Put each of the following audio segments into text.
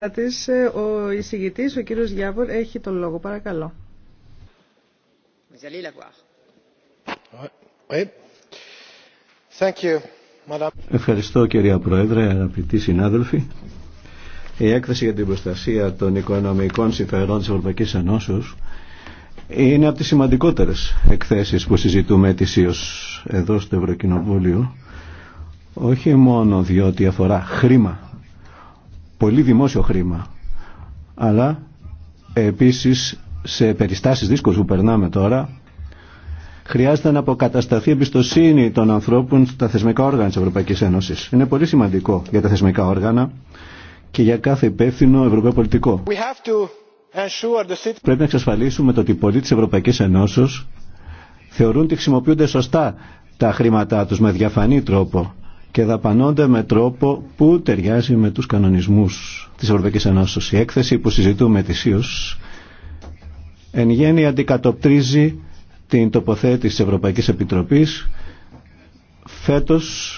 Ε, ο εισηγητής, ο κύριος Γιάβορ, έχει τον λόγο. Παρακαλώ. Ευχαριστώ κυρία Πρόεδρε, αγαπητοί συνάδελφοι. Η έκθεση για την προστασία των οικονομικών συμφερών της Ευρωπαϊκής Ενώσεως είναι από τις σημαντικότερες εκθέσεις που συζητούμε ετησίως εδώ στο Ευρωκοινοβούλιο όχι μόνο διότι αφορά χρήμα πολύ δημόσιο χρήμα. Αλλά επίσης σε περιστάσεις δύσκολες που περνάμε τώρα χρειάζεται να αποκατασταθεί εμπιστοσύνη των ανθρώπων στα θεσμικά όργανα της Ευρωπαϊκής Ένωσης. Είναι πολύ σημαντικό για τα θεσμικά όργανα και για κάθε υπεύθυνο ευρωπαϊκό πολιτικό. Πρέπει να εξασφαλίσουμε το ότι οι πολίτες της Ευρωπαϊκής Ένωσης θεωρούν ότι χρησιμοποιούνται σωστά τα χρήματά τους με διαφανή τρόπο και δαπανώνται με τρόπο που ταιριάζει με τους κανονισμούς της Ευρωπαϊκής Ενώσης. Η έκθεση που συζητούμε ΥΟΣ εν γέννη αντικατοπτρίζει την τοποθέτηση της Ευρωπαϊκής Επιτροπής φέτος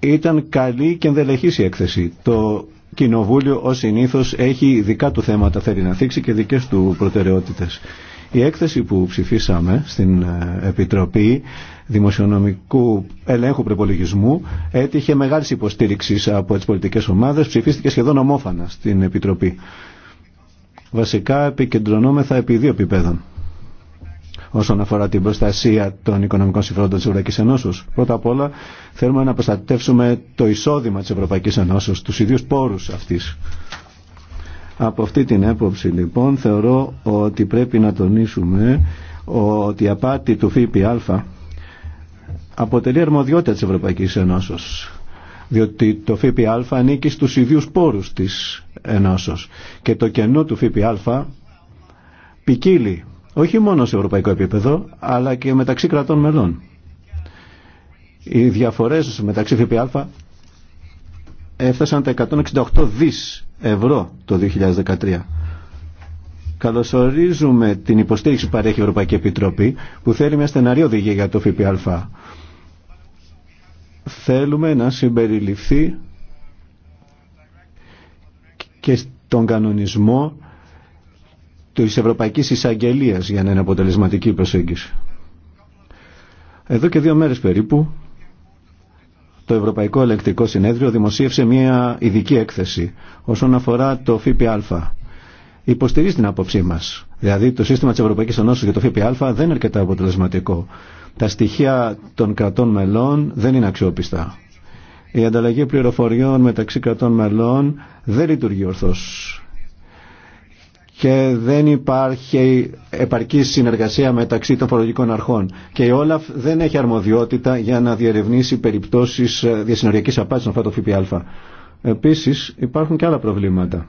ήταν καλή και ενδελεχής η έκθεση. Το Κοινοβούλιο ως συνήθως έχει δικά του θέματα θέλει να θίξει και δικές του προτεραιότητες. Η έκθεση που ψηφίσαμε στην ε, Επιτροπή Δημοσιονομικού Ελέγχου Προπολογισμού έτυχε μεγάλη υποστήριξη από τις πολιτικές ομάδες, ψηφίστηκε σχεδόν ομόφανα στην Επιτροπή. Βασικά επικεντρωνόμεθα επί δύο επιπέδων όσον αφορά την προστασία των οικονομικών συμφερόντων τη Ευρωπαϊκή Ενώσεω. Πρώτα απ' όλα θέλουμε να προστατεύσουμε το εισόδημα τη Ευρωπαϊκή Ενώσεω, του ιδίου πόρου αυτή. Από αυτή την έποψη λοιπόν θεωρώ ότι πρέπει να τονίσουμε ότι η απάτη του ΦΠΑ αποτελεί αρμοδιότητα της Ευρωπαϊκής Ενώσεως διότι το ΦΠΑ ανήκει στους ιδίους πόρους της Ενώσεως και το κενό του ΦΠΑ ποικίλει όχι μόνο σε ευρωπαϊκό επίπεδο αλλά και μεταξύ κρατών μελών. Οι διαφορές μεταξύ ΦΠΑ έφτασαν τα 168 δις ευρώ το 2013. Καλωσορίζουμε την υποστήριξη που παρέχει η Ευρωπαϊκή Επιτροπή που θέλει μια στεναρή οδηγία για το ΦΠΑ. Θέλουμε να συμπεριληφθεί και στον κανονισμό της Ευρωπαϊκής Εισαγγελίας για να είναι αποτελεσματική προσέγγιση. Εδώ και δύο μέρες περίπου το Ευρωπαϊκό Ελεκτρικό Συνέδριο δημοσίευσε μια ειδική έκθεση όσον αφορά το ΦΠΑ. Υποστηρίζει την άποψή μα. Δηλαδή το σύστημα τη Ευρωπαϊκή Ενώση για το ΦΠΑ δεν είναι αρκετά αποτελεσματικό. Τα στοιχεία των κρατών μελών δεν είναι αξιόπιστα. Η ανταλλαγή πληροφοριών μεταξύ κρατών μελών δεν λειτουργεί ορθώς και δεν υπάρχει επαρκή συνεργασία μεταξύ των φορολογικών αρχών. Και η Όλαφ δεν έχει αρμοδιότητα για να διερευνήσει περιπτώσεις ε, διασυνοριακής απάτη στον το ΦΠΑ. Επίση υπάρχουν και άλλα προβλήματα.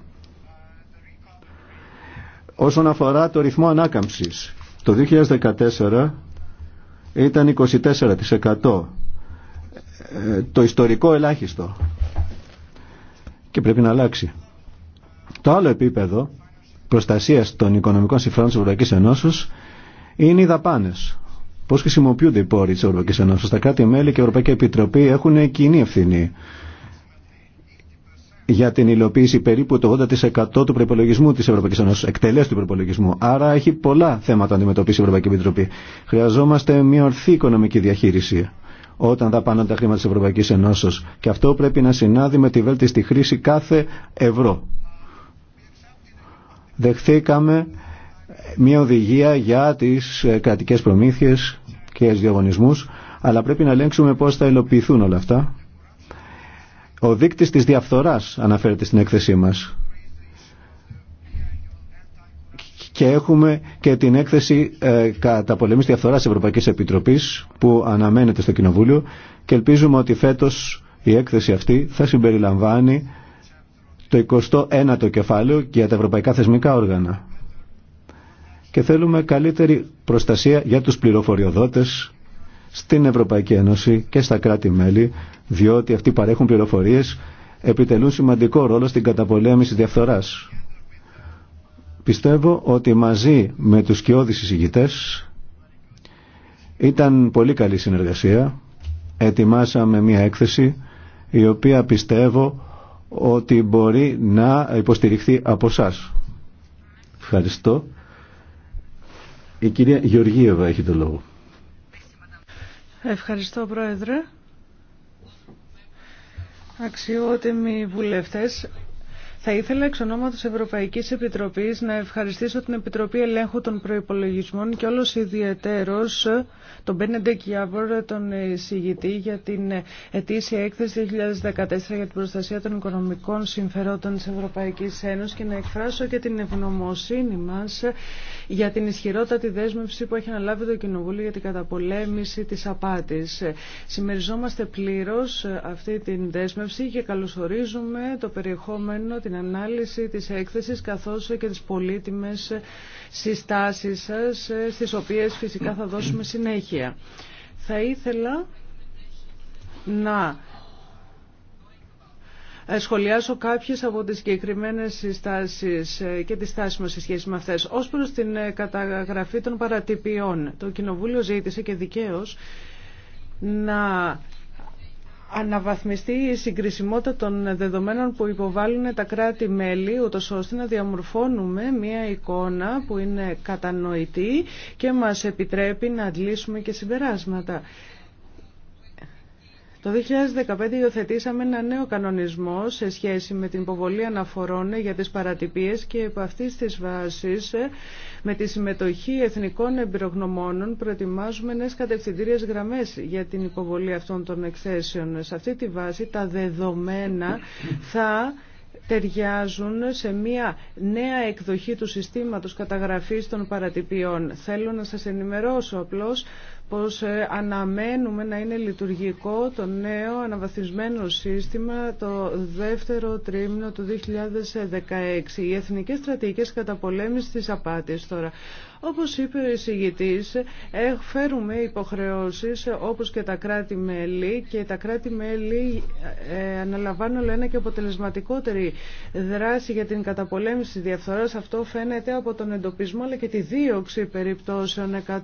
Όσον αφορά το ρυθμό ανάκαμψης, το 2014 ήταν 24%. Ε, το ιστορικό ελάχιστο. Και πρέπει να αλλάξει. Το άλλο επίπεδο Προστασία των οικονομικών συμφερόντων τη Ευρωπαϊκή Ένωση είναι οι δαπάνε πώ χρησιμοποιούνται οι πόροι τη Ευρωπαϊκή Ένωση. Τα κράτη-μέλη και η Ευρωπαϊκή Επιτροπή έχουν κοινή ευθύνη για την υλοποίηση περίπου το 80% του προπολογισμού τη Ευρωπαϊκή Ένωση, εκτελέσει του προπολογισμού. Άρα έχει πολλά θέματα να αντιμετωπίσει η Ευρωπαϊκή Επιτροπή. Χρειαζόμαστε μια ορθή οικονομική διαχείριση όταν δαπανώνται τα χρήματα τη Ευρωπαϊκή Ένωση. Και αυτό πρέπει να συνάδει με τη βέλτιστη χρήση κάθε ευρώ δεχθήκαμε μια οδηγία για τις ε, κρατικές προμήθειες και τις διαγωνισμούς, αλλά πρέπει να ελέγξουμε πώς θα υλοποιηθούν όλα αυτά. Ο δείκτης της διαφθοράς αναφέρεται στην έκθεσή μας. Και έχουμε και την έκθεση ε, κατά πολεμής διαφθοράς Ευρωπαϊκής Επιτροπής που αναμένεται στο Κοινοβούλιο και ελπίζουμε ότι φέτος η έκθεση αυτή θα συμπεριλαμβάνει το 21ο κεφάλαιο για τα ευρωπαϊκά θεσμικά όργανα. Και θέλουμε καλύτερη προστασία για τους πληροφοριοδότες στην Ευρωπαϊκή Ένωση και στα κράτη-μέλη, διότι αυτοί παρέχουν πληροφορίες, επιτελούν σημαντικό ρόλο στην καταπολέμηση διαφθοράς. Πιστεύω ότι μαζί με τους κοιόδης εισηγητές ήταν πολύ καλή συνεργασία. Ετοιμάσαμε μια έκθεση η οποία πιστεύω ότι μπορεί να υποστηριχθεί από εσά. Ευχαριστώ. Η κυρία Γεωργίευα έχει το λόγο. Ευχαριστώ Πρόεδρε. Αξιότιμοι βουλευτές, θα ήθελα εξ ονόματο Ευρωπαϊκή Επιτροπή να ευχαριστήσω την Επιτροπή Ελέγχου των προπολογισμών και όλο ιδιαιτέρως τον Μπένεντεκ Γιάβορ, τον συγητή για την ετήσια έκθεση 2014 για την προστασία των οικονομικών συμφερόντων τη Ευρωπαϊκή Ένωση και να εκφράσω και την ευγνωμοσύνη μα για την ισχυρότατη δέσμευση που έχει αναλάβει το Κοινοβούλιο για την καταπολέμηση της απάτης. Συμμεριζόμαστε πλήρως αυτή την δέσμευση και καλωσορίζουμε το περιεχόμενο την ανάλυση της έκθεσης καθώς και τις πολύτιμες συστάσεις σας, στις οποίες φυσικά θα δώσουμε συνέχεια. Θα ήθελα να σχολιάσω κάποιες από τις συγκεκριμένε συστάσεις και τις στάσεις μας σε σχέση με αυτές. Ως προς την καταγραφή των παρατυπιών, το Κοινοβούλιο ζήτησε και δικαίως να αναβαθμιστεί η συγκρισιμότητα των δεδομένων που υποβάλλουν τα κράτη-μέλη, ούτως ώστε να διαμορφώνουμε μία εικόνα που είναι κατανοητή και μας επιτρέπει να αντλήσουμε και συμπεράσματα. Το 2015 υιοθετήσαμε ένα νέο κανονισμό σε σχέση με την υποβολή αναφορών για τις παρατυπίες και από αυτής της βάσης με τη συμμετοχή εθνικών εμπειρογνωμόνων προετοιμάζουμε νέες κατευθυντήριες γραμμές για την υποβολή αυτών των εκθέσεων. Σε αυτή τη βάση τα δεδομένα θα ταιριάζουν σε μια νέα εκδοχή του συστήματος καταγραφής των παρατυπιών. Θέλω να σας ενημερώσω απλώς πως ε, αναμένουμε να είναι λειτουργικό το νέο αναβαθισμένο σύστημα το δεύτερο τρίμηνο του 2016. Οι εθνικές στρατηγικές καταπολέμησης της απάτης τώρα. Όπως είπε ο εισηγητής, ε, φέρουμε υποχρεώσεις ε, όπως και τα κράτη-μέλη και τα κράτη-μέλη αναλαμβάνουν ένα και αποτελεσματικότερη δράση για την καταπολέμηση της διαφθοράς. Αυτό φαίνεται από τον εντοπισμό αλλά και τη δίωξη περιπτώσεων 100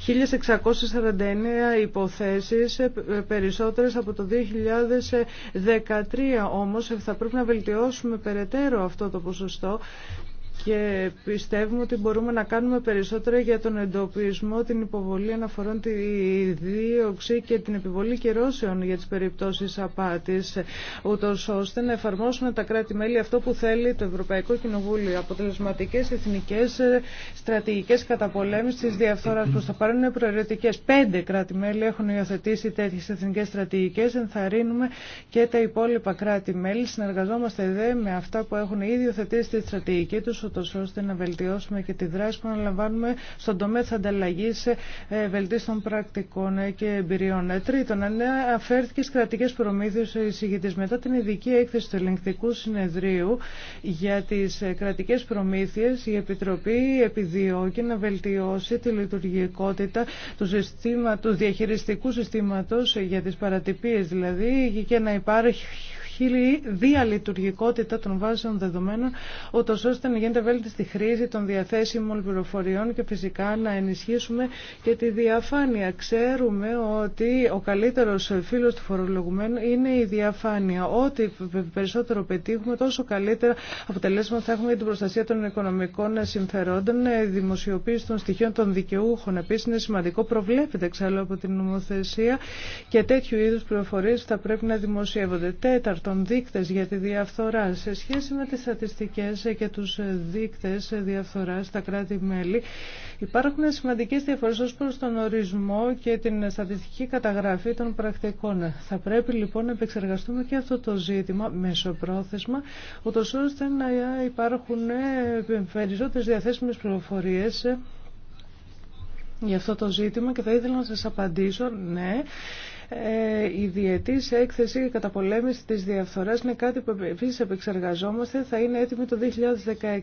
1649 υποθέσεις, ε, περισσότερες από το 2013 όμως θα πρέπει να βελτιώσουμε περαιτέρω αυτό το ποσοστό και πιστεύουμε ότι μπορούμε να κάνουμε περισσότερα για τον εντοπισμό, την υποβολή αναφορών, τη δίωξη και την επιβολή κυρώσεων για τις περιπτώσεις απάτης, ούτως ώστε να εφαρμόσουν τα κράτη-μέλη αυτό που θέλει το Ευρωπαϊκό Κοινοβούλιο. Αποτελεσματικές εθνικές στρατηγικές καταπολέμησης της διαφθοράς προς τα παρον είναι προαιρετικές. Πέντε κράτη-μέλη έχουν υιοθετήσει τέτοιες εθνικές στρατηγικές. Ενθαρρύνουμε και τα υπόλοιπα κράτη-μέλη. Συνεργαζόμαστε δε με αυτά που έχουν ήδη υιοθετήσει τη στρατηγική τους ώστε να βελτιώσουμε και τη δράση που αναλαμβάνουμε στον τομέα της ανταλλαγής ε, βελτίστων πρακτικών ε, και εμπειριών. Ε, τρίτον, αφέρθηκε στις κρατικές προμήθειες ο Μετά την ειδική έκθεση του ελεγκτικού συνεδρίου για τις κρατικές προμήθειες, η Επιτροπή επιδιώκει να βελτιώσει τη λειτουργικότητα του, διαχειριστικού συστήματος για τις παρατυπίες δηλαδή και να υπάρχει υπάρχει διαλειτουργικότητα των βάσεων δεδομένων, ούτω ώστε να γίνεται βέλτιστη χρήση των διαθέσιμων πληροφοριών και φυσικά να ενισχύσουμε και τη διαφάνεια. Ξέρουμε ότι ο καλύτερο φίλο του φορολογουμένου είναι η διαφάνεια. Ό,τι περισσότερο πετύχουμε, τόσο καλύτερα αποτελέσματα θα έχουμε για την προστασία των οικονομικών συμφερόντων, δημοσιοποίηση των στοιχείων των δικαιούχων. Επίση, είναι σημαντικό, προβλέπεται εξάλλου από την νομοθεσία και τέτοιου είδου πληροφορίε θα πρέπει να δημοσιεύονται. Τέταρτο, των δείκτες για τη διαφθορά. Σε σχέση με τις στατιστικές και τους δείκτες διαφθοράς στα κράτη-μέλη υπάρχουν σημαντικές διαφορές ως προς τον ορισμό και την στατιστική καταγραφή των πρακτικών. Θα πρέπει λοιπόν να επεξεργαστούμε και αυτό το ζήτημα μεσοπρόθεσμα ούτως ώστε να υπάρχουν περισσότερες διαθέσιμες πληροφορίες για αυτό το ζήτημα και θα ήθελα να σας απαντήσω ναι ε, η διετής έκθεση κατά πολέμηση της διαφθοράς είναι κάτι που επίσης επεξεργαζόμαστε. Θα είναι έτοιμη το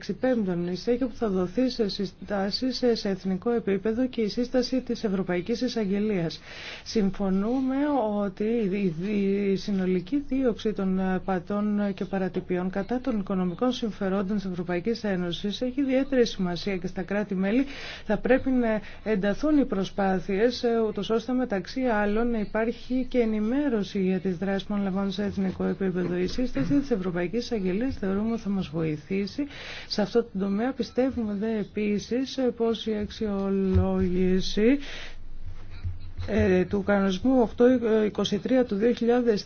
2016. Πέμπτον, η που θα δοθεί σε συστάσεις σε εθνικό επίπεδο και η σύσταση της Ευρωπαϊκής Εισαγγελίας. Συμφωνούμε ότι η συνολική δίωξη των πατών και παρατυπιών κατά των οικονομικών συμφερόντων της Ευρωπαϊκής Ένωσης έχει ιδιαίτερη σημασία και στα κράτη-μέλη θα πρέπει να ενταθούν οι προσπάθειες ε, ούτως ώστε μεταξύ άλλων να υπάρχει υπάρχει και ενημέρωση για τις δράσεις που αναλαμβάνουν σε εθνικό επίπεδο. Η σύσταση της Ευρωπαϊκής Αγγελίας θεωρούμε ότι θα μας βοηθήσει. Σε αυτό το τομέα πιστεύουμε δε επίσης πως η αξιολόγηση ε, του κανονισμού 823 του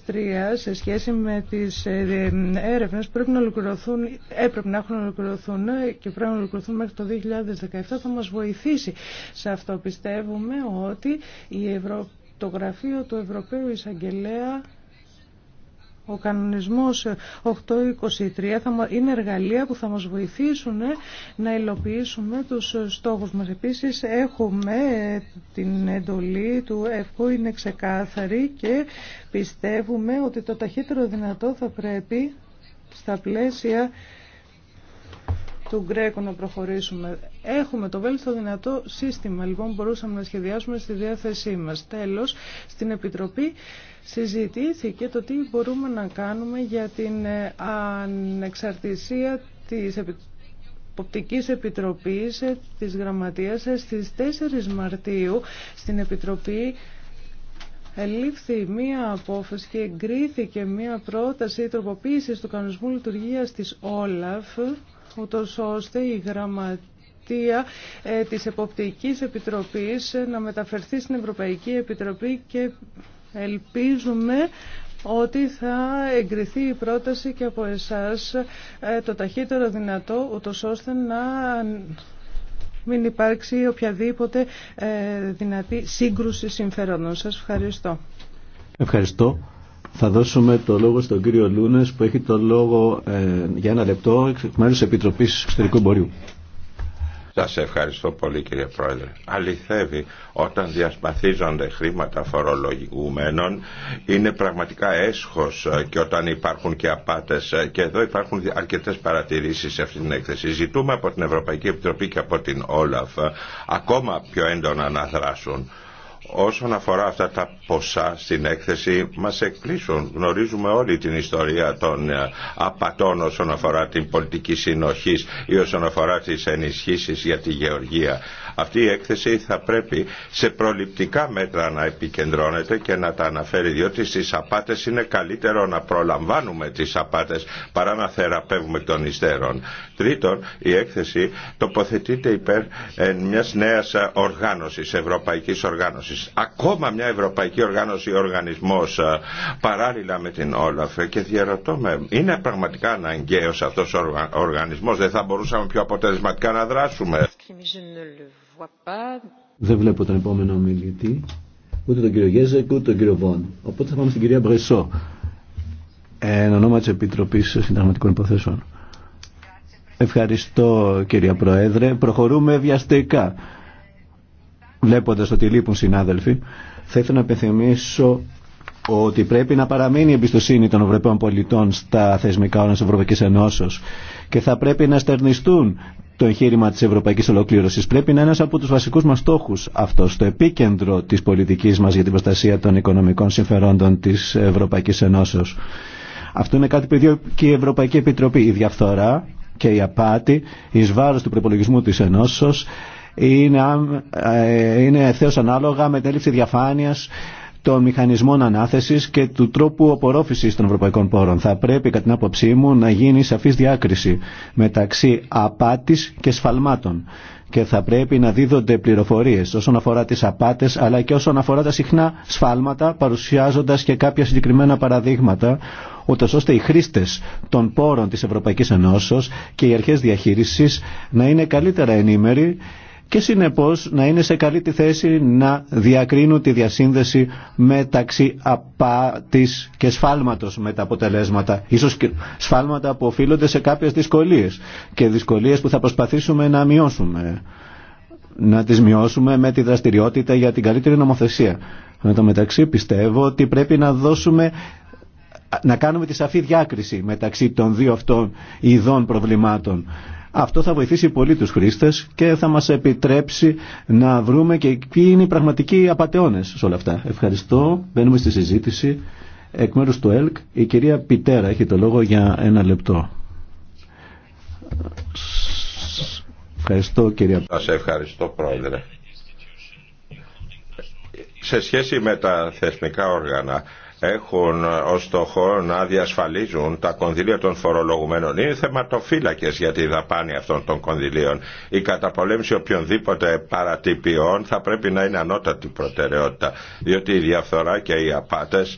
2003 σε σχέση με τις ε, έρευνες πρέπει να ολοκληρωθούν, έπρεπε να έχουν ολοκληρωθούν ε, και πρέπει να ολοκληρωθούν μέχρι το 2017 θα μας βοηθήσει. Σε αυτό πιστεύουμε ότι η Ευρώπη το γραφείο του Ευρωπαίου Εισαγγελέα ο κανονισμός 823 θα, είναι εργαλεία που θα μας βοηθήσουν ε, να υλοποιήσουμε τους στόχους μας. Επίσης έχουμε την εντολή του ΕΦΚΟ, είναι ξεκάθαρη και πιστεύουμε ότι το ταχύτερο δυνατό θα πρέπει στα πλαίσια του Γκρέκου να προχωρήσουμε. Έχουμε το βέλτιστο δυνατό σύστημα, λοιπόν, μπορούσαμε να σχεδιάσουμε στη διάθεσή μα. Τέλο, στην Επιτροπή συζητήθηκε το τι μπορούμε να κάνουμε για την ε, ανεξαρτησία της ποπτική Επιτροπής ε, της Γραμματείας ε, στις 4 Μαρτίου στην Επιτροπή ελήφθη μία απόφαση και εγκρίθηκε μία πρόταση τροποποίησης του κανονισμού λειτουργίας της ΟΛΑΦ ούτως ώστε η γραμματεία ε, της Εποπτικής Επιτροπής ε, να μεταφερθεί στην Ευρωπαϊκή Επιτροπή και ελπίζουμε ότι θα εγκριθεί η πρόταση και από εσάς ε, το ταχύτερο δυνατό, ούτως ώστε να μην υπάρξει οποιαδήποτε δυνατή σύγκρουση συμφερόντων. Σας ευχαριστώ. Ευχαριστώ. Θα δώσουμε το λόγο στον κύριο Λούνες που έχει το λόγο ε, για ένα λεπτό εκ μέρους Επιτροπής Εξωτερικού Μπορείου. Σας ευχαριστώ πολύ κύριε Πρόεδρε. Αληθεύει όταν διασπαθίζονται χρήματα φορολογουμένων είναι πραγματικά έσχος ε, και όταν υπάρχουν και απάτες ε, και εδώ υπάρχουν αρκετές παρατηρήσεις σε αυτή την έκθεση. Ζητούμε από την Ευρωπαϊκή Επιτροπή και από την Όλαφ ακόμα πιο έντονα να δράσουν. Όσον αφορά αυτά τα ποσά στην έκθεση, μας εκπλήσουν. Γνωρίζουμε όλη την ιστορία των ε, απατών όσον αφορά την πολιτική συνοχής ή όσον αφορά τις ενισχύσεις για τη γεωργία. Αυτή η έκθεση θα πρέπει σε προληπτικά μέτρα να επικεντρώνεται και να τα αναφέρει διότι στις απάτες είναι καλύτερο να προλαμβάνουμε τις απάτες παρά να θεραπεύουμε τον υστέρων. Τρίτον, η έκθεση τοποθετείται υπέρ ε, μιας νέας οργάνωσης, ευρωπαϊκής οργάνωσης. Ακόμα μια ευρωπαϊκή οργάνωση οργανισμός ε, παράλληλα με την Όλαφε. και διαρωτώ με, είναι πραγματικά αναγκαίος αυτός ο οργανισμός, δεν θα μπορούσαμε πιο αποτελεσματικά να δράσουμε. Δεν βλέπω τον επόμενο ομιλητή, ούτε τον κύριο Γέζεκ, ούτε τον κύριο Βόν. Οπότε θα πάμε στην κυρία Μπρεσό, εν ονόμα τη Επιτροπή Συνταγματικών Υποθέσεων. Ευχαριστώ κυρία Προέδρε. Προχωρούμε βιαστικά. Βλέποντας ότι λείπουν συνάδελφοι, θα ήθελα να επιθυμίσω ότι πρέπει να παραμείνει η εμπιστοσύνη των Ευρωπαίων πολιτών στα θεσμικά όρια τη Ευρωπαϊκή Ενώσεω και θα πρέπει να στερνιστούν το εγχείρημα της ευρωπαϊκής ολοκλήρωσης. Πρέπει να είναι ένας από τους βασικούς μας στόχους αυτό, το επίκεντρο της πολιτικής μας για την προστασία των οικονομικών συμφερόντων της Ευρωπαϊκής Ενώσεω. Αυτό είναι κάτι που και η Ευρωπαϊκή Επιτροπή. Η διαφθορά και η απάτη εις βάρος του προπολογισμού της Ενώσεω είναι, ε, είναι ευθέως ανάλογα με την διαφάνειας των μηχανισμών ανάθεσης και του τρόπου απορρόφησης των ευρωπαϊκών πόρων. Θα πρέπει κατά την άποψή μου να γίνει σαφή διάκριση μεταξύ απάτης και σφαλμάτων και θα πρέπει να δίδονται πληροφορίες όσον αφορά τις απάτες αλλά και όσον αφορά τα συχνά σφάλματα παρουσιάζοντας και κάποια συγκεκριμένα παραδείγματα ούτω ώστε οι χρήστε των πόρων τη Ευρωπαϊκή Ενώσεως και οι αρχέ διαχείριση να είναι καλύτερα ενήμεροι και συνεπώς να είναι σε καλή τη θέση να διακρίνουν τη διασύνδεση μεταξύ απάτης και σφάλματος με τα αποτελέσματα. Ίσως και σφάλματα που οφείλονται σε κάποιες δυσκολίες και δυσκολίες που θα προσπαθήσουμε να μειώσουμε. Να τις μειώσουμε με τη δραστηριότητα για την καλύτερη νομοθεσία. Με το μεταξύ πιστεύω ότι πρέπει να δώσουμε να κάνουμε τη σαφή διάκριση μεταξύ των δύο αυτών ειδών προβλημάτων αυτό θα βοηθήσει πολύ τους χρήστες και θα μας επιτρέψει να βρούμε και ποιοι είναι οι πραγματικοί απαταιώνες σε όλα αυτά. Ευχαριστώ. Μπαίνουμε στη συζήτηση. Εκ μέρους του ΕΛΚ η κυρία Πιτέρα έχει το λόγο για ένα λεπτό. Ευχαριστώ κυρία Σας ευχαριστώ πρόεδρε. Σε σχέση με τα θεσμικά όργανα έχουν ως στόχο να διασφαλίζουν τα κονδύλια των φορολογουμένων. Είναι θεματοφύλακες για τη δαπάνη αυτών των κονδυλίων. Η καταπολέμηση οποιονδήποτε παρατυπιών θα πρέπει να είναι ανώτατη προτεραιότητα, διότι η διαφθορά και οι απάτες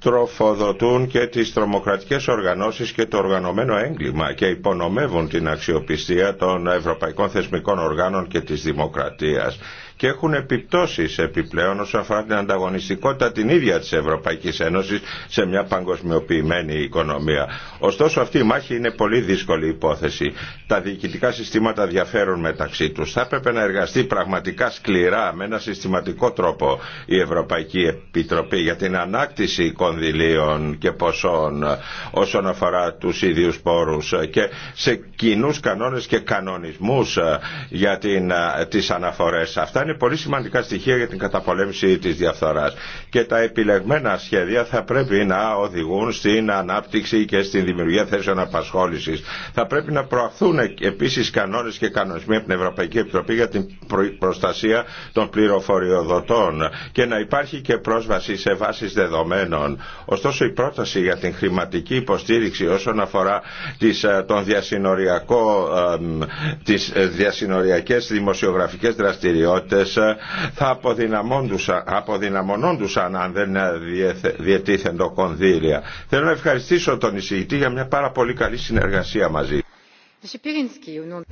τροφοδοτούν και τις τρομοκρατικές οργανώσεις και το οργανωμένο έγκλημα και υπονομεύουν την αξιοπιστία των ευρωπαϊκών θεσμικών οργάνων και της δημοκρατίας και έχουν επιπτώσει επιπλέον όσον αφορά την ανταγωνιστικότητα την ίδια τη Ευρωπαϊκή Ένωση σε μια παγκοσμιοποιημένη οικονομία. Ωστόσο αυτή η μάχη είναι πολύ δύσκολη υπόθεση. Τα διοικητικά συστήματα διαφέρουν μεταξύ του. Θα έπρεπε να εργαστεί πραγματικά σκληρά με ένα συστηματικό τρόπο η Ευρωπαϊκή Επιτροπή για την ανάκτηση κονδυλίων και ποσών όσον αφορά του ίδιου πόρου και σε κοινού κανόνε και κανονισμού για τι αναφορέ Αυτά είναι πολύ σημαντικά στοιχεία για την καταπολέμηση της διαφθοράς. Και τα επιλεγμένα σχέδια θα πρέπει να οδηγούν στην ανάπτυξη και στην δημιουργία θέσεων απασχόλησης. Θα πρέπει να προαχθούν επίσης κανόνες και κανονισμοί από την Ευρωπαϊκή Επιτροπή για την προστασία των πληροφοριοδοτών και να υπάρχει και πρόσβαση σε βάσεις δεδομένων. Ωστόσο η πρόταση για την χρηματική υποστήριξη όσον αφορά τις, ε, τον διασυνοριακό, ε, τις ε, διασυνοριακές δημοσιογραφικές δραστηριότητες ε, θα αποδυναμωνόντουσαν αν δεν ε, διετίθεντο κονδύλια. Θέλω να ευχαριστήσω τον εισηγητή για μια πάρα πολύ καλή συνεργασία μαζί.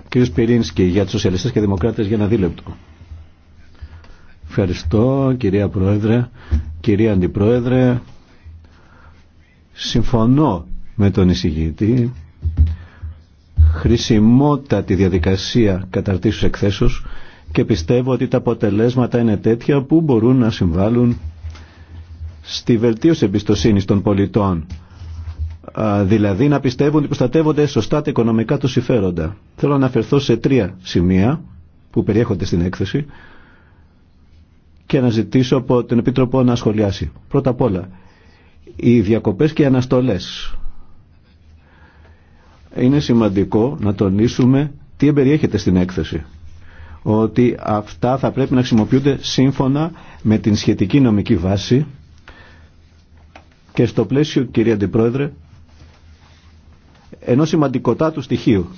Κύριος Πυρίνσκι, για τους Σοσιαλιστές και Δημοκράτες για ένα δίλεπτο. Ευχαριστώ κυρία Πρόεδρε, κυρία Αντιπρόεδρε. Συμφωνώ με τον εισηγητή. Χρησιμότατη διαδικασία καταρτήσεως εκθέσεως και πιστεύω ότι τα αποτελέσματα είναι τέτοια που μπορούν να συμβάλλουν στη βελτίωση εμπιστοσύνης των πολιτών. Δηλαδή να πιστεύουν ότι προστατεύονται σωστά τα οικονομικά του συμφέροντα. Θέλω να αναφερθώ σε τρία σημεία που περιέχονται στην έκθεση και να ζητήσω από τον Επίτροπο να σχολιάσει. Πρώτα απ' όλα, οι διακοπές και οι αναστολές. Είναι σημαντικό να τονίσουμε τι εμπεριέχεται στην έκθεση ότι αυτά θα πρέπει να χρησιμοποιούνται σύμφωνα με την σχετική νομική βάση και στο πλαίσιο, κυρία Αντιπρόεδρε, ενός σημαντικοτάτου στοιχείου.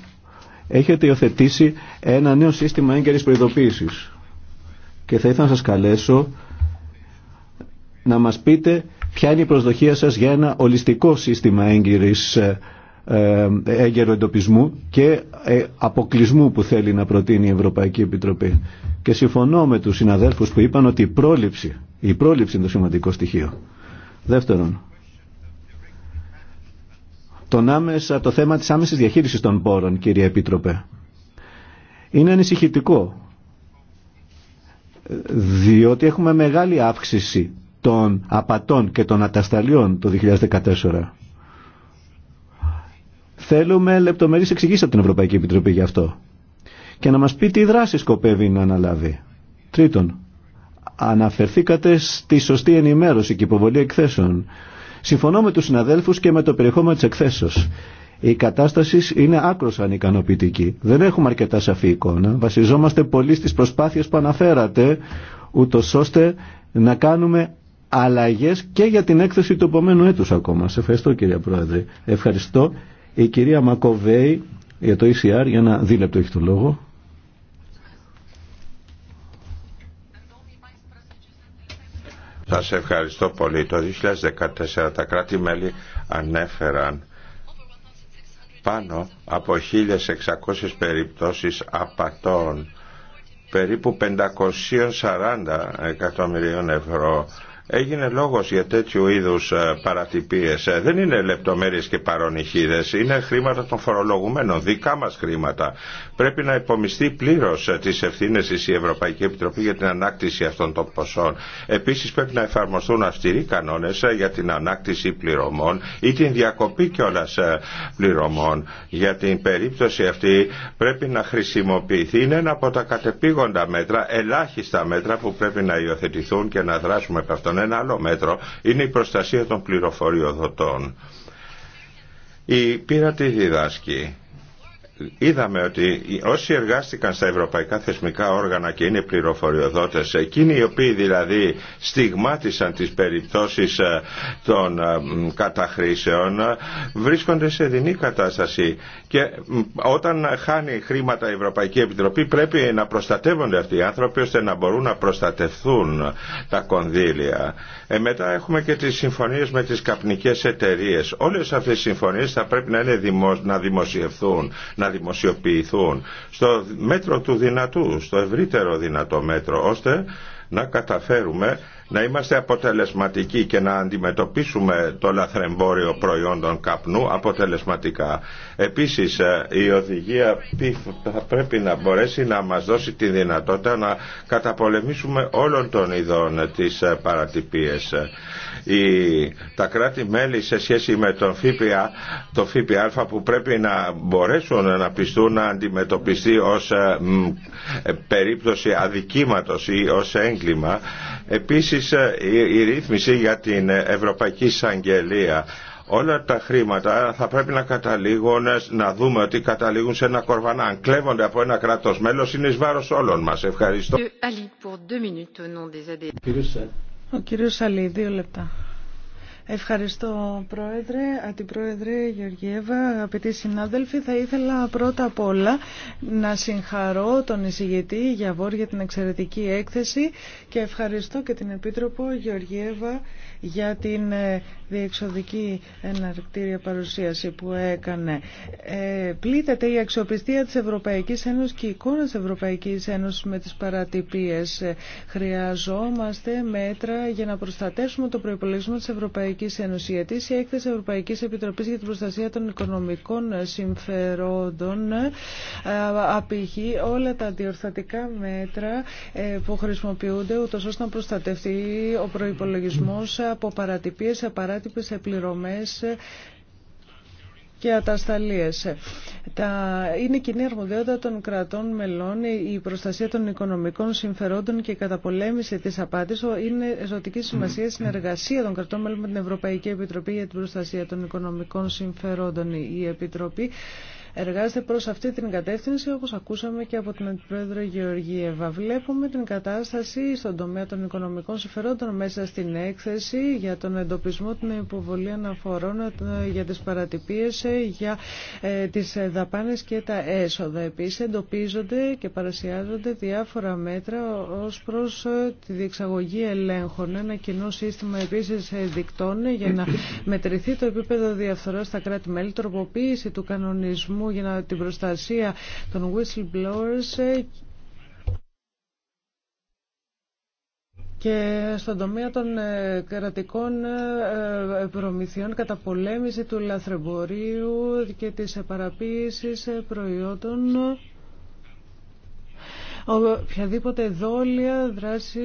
Έχετε υιοθετήσει ένα νέο σύστημα έγκαιρης προειδοποίησης και θα ήθελα να σας καλέσω να μας πείτε ποια είναι η προσδοχία σας για ένα ολιστικό σύστημα έγκυρης ε, έγκαιρο εντοπισμού και ε, αποκλεισμού που θέλει να προτείνει η Ευρωπαϊκή Επιτροπή. Και συμφωνώ με τους συναδέλφους που είπαν ότι η πρόληψη, η πρόληψη είναι το σημαντικό στοιχείο. Δεύτερον, τον άμεσα, το θέμα της άμεσης διαχείρισης των πόρων, κύριε Επίτροπε, είναι ανησυχητικό, διότι έχουμε μεγάλη αύξηση των απατών και των ατασταλιών το 2014. Θέλουμε λεπτομερείς εξηγήσεις από την Ευρωπαϊκή Επιτροπή γι' αυτό. Και να μας πει τι δράση σκοπεύει να αναλάβει. Τρίτον, αναφερθήκατε στη σωστή ενημέρωση και υποβολή εκθέσεων. Συμφωνώ με τους συναδέλφους και με το περιεχόμενο της εκθέσεως. Η κατάσταση είναι άκρο ανικανοποιητική. Δεν έχουμε αρκετά σαφή εικόνα. Βασιζόμαστε πολύ στις προσπάθειες που αναφέρατε, ούτω ώστε να κάνουμε αλλαγές και για την έκθεση του επόμενου έτους ακόμα. Σε ευχαριστώ κύριε Πρόεδρε. Ευχαριστώ η κυρία Μακοβέη για το ECR, για ένα δίλεπτο έχει το λόγο. Σας ευχαριστώ πολύ. Το 2014 τα κράτη-μέλη ανέφεραν πάνω από 1.600 περιπτώσεις απατών περίπου 540 εκατομμυρίων ευρώ έγινε λόγος για τέτοιου είδους ε, παρατυπίες. Ε, δεν είναι λεπτομέρειες και παρονυχίδες, είναι χρήματα των φορολογουμένων, δικά μας χρήματα. Πρέπει να υπομειστεί πλήρως ε, τις ευθύνες της η Ευρωπαϊκή Επιτροπή για την ανάκτηση αυτών των ποσών. Επίσης πρέπει να εφαρμοστούν αυστηροί κανόνες για την ανάκτηση πληρωμών ή την διακοπή κιόλα πληρωμών. Για την περίπτωση αυτή πρέπει να χρησιμοποιηθεί. Είναι ένα από τα κατεπήγοντα μέτρα, ελάχιστα μέτρα που πρέπει να υιοθετηθούν και να δράσουμε από ένα άλλο μέτρο είναι η προστασία των πληροφοριοδοτών. Η πείρα τη διδάσκει είδαμε ότι όσοι εργάστηκαν στα ευρωπαϊκά θεσμικά όργανα και είναι πληροφοριοδότες, εκείνοι οι οποίοι δηλαδή στιγμάτισαν τις περιπτώσεις ε, των ε, καταχρήσεων βρίσκονται σε δινή κατάσταση και όταν χάνει χρήματα η Ευρωπαϊκή Επιτροπή πρέπει να προστατεύονται αυτοί οι άνθρωποι ώστε να μπορούν να προστατευθούν τα κονδύλια. Ε, μετά έχουμε και τις συμφωνίες με τις καπνικές εταιρείες. Όλες αυτές οι συμφωνίες θα πρέπει να, είναι δημο, να δημοσιευθούν, να δημοσιοποιηθούν στο μέτρο του δυνατού, στο ευρύτερο δυνατό μέτρο, ώστε να καταφέρουμε να είμαστε αποτελεσματικοί και να αντιμετωπίσουμε το λαθρεμπόριο προϊόντων καπνού αποτελεσματικά. Επίσης ε, η οδηγία θα πρέπει να μπορέσει να μας δώσει τη δυνατότητα να καταπολεμήσουμε όλων των ειδών της ε, παρατυπίες. Η, τα κράτη-μέλη σε σχέση με τον ΦΠΑ, το ΦΠΑ που πρέπει να μπορέσουν να πιστούν να αντιμετωπιστεί ως ε, περίπτωση αδικήματος ή ως έγκλημα. Επίσης Επίσης ε, η ρύθμιση για την Ευρωπαϊκή Εισαγγελία όλα τα χρήματα θα πρέπει να καταλήγουν, να δούμε ότι καταλήγουν σε ένα κορβανά. Αν κλέβονται από ένα κράτος μέλος είναι εις βάρος όλων μας. Ευχαριστώ. Ο κύριος Σαλή, δύο λεπτά. Ευχαριστώ Πρόεδρε, Αντιπρόεδρε Γεωργίευα, αγαπητοί συνάδελφοι. Θα ήθελα πρώτα απ' όλα να συγχαρώ τον εισηγητή Γιαβόρ για την εξαιρετική έκθεση και ευχαριστώ και την Επίτροπο Γεωργίευα για την ε, διεξοδική εναρκτήρια παρουσίαση που έκανε. Ε, πλήττεται η αξιοπιστία της Ευρωπαϊκής Ένωσης και η εικόνα της Ευρωπαϊκής Ένωσης με τις παρατυπίες. Ε, χρειαζόμαστε μέτρα για να προστατεύσουμε το της ευρωπαϊκή Η έκθεση Ευρωπαϊκής Επιτροπής για την Προστασία των Οικονομικών Συμφερόντων ε, απηχεί όλα τα διορθωτικά μέτρα ε, που χρησιμοποιούνται ούτω ώστε να προστατευτεί ο προϋπολογισμός από παρατυπίες, απαράτυπες επληρωμές και ατασταλίες. Τα... Είναι κοινή αρμοδιότητα των κρατών μελών η προστασία των οικονομικών συμφερόντων και η καταπολέμηση της απάτης είναι ζωτική σημασία συνεργασία των κρατών μελών με την Ευρωπαϊκή Επιτροπή για την προστασία των οικονομικών συμφερόντων. Η Επιτροπή εργάζεται προς αυτή την κατεύθυνση όπως ακούσαμε και από την Αντιπρόεδρο Γεωργίευα. Βλέπουμε την κατάσταση στον τομέα των οικονομικών συμφερόντων μέσα στην έκθεση για τον εντοπισμό, την υποβολή αναφορών ε, για τις παρατυπίες, ε, για ε, τις δαπάνες και τα έσοδα. Επίσης εντοπίζονται και παρασιάζονται διάφορα μέτρα ως προς τη διεξαγωγή ελέγχων. Ένα κοινό σύστημα επίσης δικτώνει για να μετρηθεί το επίπεδο διαφθοράς στα κράτη-μέλη, τροποποίηση του κανονισμού για την προστασία των whistleblowers και στον τομέα των ε, κρατικών ε, ε, προμηθειών κατά πολέμηση του λαθρεμπορίου και της παραποίησης προϊόντων Οποιαδήποτε δόλια δράση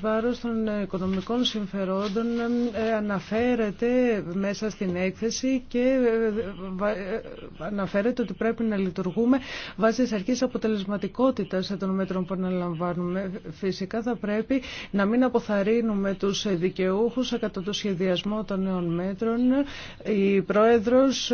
βάρος των οικονομικών συμφερόντων ε, αναφέρεται μέσα στην έκθεση και ε, ε, αναφέρεται ότι πρέπει να λειτουργούμε βάσει αρχής αποτελεσματικότητας των μέτρων που αναλαμβάνουμε. Φυσικά θα πρέπει να μην αποθαρρύνουμε τους δικαιούχους κατά το σχεδιασμό των νέων μέτρων. Η Πρόεδρος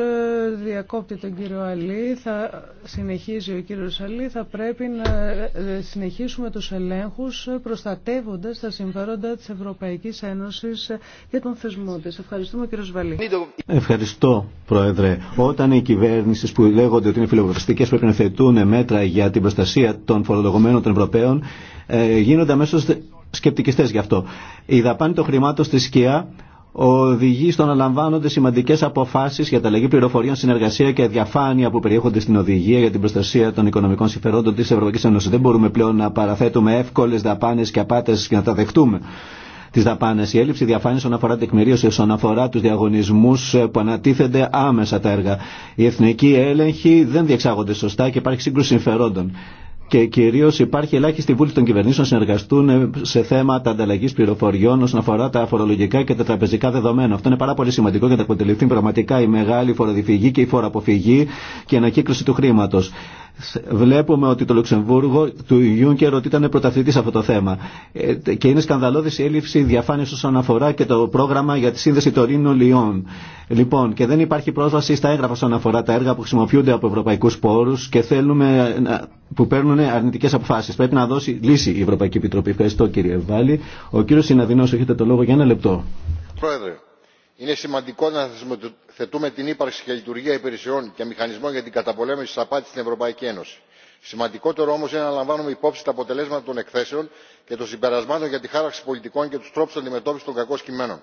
διακόπτει τον κύριο Αλή, θα συνεχίζει ο κύριος Αλή, θα πρέπει να συνεχίσουμε τους ελέγχους προστατεύοντας τα συμφέροντα της Ευρωπαϊκής Ένωσης για τον θεσμό της. Ευχαριστούμε κύριο Σβαλή. Ευχαριστώ Πρόεδρε. Όταν οι κυβέρνηση που λέγονται ότι είναι φιλοπροπιστικές πρέπει να θετούν μέτρα για την προστασία των φορολογωμένων των Ευρωπαίων ε, γίνονται αμέσω σκεπτικιστές γι' αυτό. Η δαπάνη των χρημάτων στη σκιά οδηγεί στο να λαμβάνονται σημαντικέ αποφάσει για τα αλλαγή πληροφοριών, συνεργασία και διαφάνεια που περιέχονται στην οδηγία για την προστασία των οικονομικών συμφερόντων τη Ευρωπαϊκή Ένωση. Δεν μπορούμε πλέον να παραθέτουμε εύκολε δαπάνε και απάτε και να τα δεχτούμε. Τι δαπάνε. Η έλλειψη διαφάνεια όσον αφορά την τεκμηρίωση, όσον αφορά του διαγωνισμού που ανατίθενται άμεσα τα έργα. Οι εθνικοί έλεγχοι δεν διεξάγονται σωστά και υπάρχει σύγκρουση συμφερόντων και κυρίω υπάρχει ελάχιστη βούληση των κυβερνήσεων να συνεργαστούν σε θέματα ανταλλαγή πληροφοριών όσον αφορά τα φορολογικά και τα τραπεζικά δεδομένα. Αυτό είναι πάρα πολύ σημαντικό για να αποτελεθεί πραγματικά η μεγάλη φοροδιφυγή και η φοροαποφυγή και η ανακύκλωση του χρήματο. Βλέπουμε ότι το Λουξεμβούργο του Ιούνκερ ότι ήταν πρωταθλητή σε αυτό το θέμα. Ε, και είναι σκανδαλώδη η έλλειψη διαφάνεια όσον αφορά και το πρόγραμμα για τη σύνδεση Τωρίνου Λιών. Λοιπόν, και δεν υπάρχει πρόσβαση στα έγγραφα όσον αφορά τα έργα που χρησιμοποιούνται από ευρωπαϊκού πόρου και θέλουμε που παίρνουν αρνητικέ αποφάσει. Πρέπει να δώσει λύση η Ευρωπαϊκή Επιτροπή. Ευχαριστώ κύριε Βάλη. Ο κύριο Συναδεινό, έχετε το λόγο για ένα λεπτό. Πρόεδρε, είναι σημαντικό να θεσμοθετούμε την ύπαρξη και λειτουργία υπηρεσιών και μηχανισμών για την καταπολέμηση τη απάτη στην Ευρωπαϊκή Ένωση. Σημαντικότερο όμω είναι να λαμβάνουμε υπόψη τα αποτελέσματα των εκθέσεων και των συμπερασμάτων για τη χάραξη πολιτικών και του τρόπου αντιμετώπιση των κακών κειμένων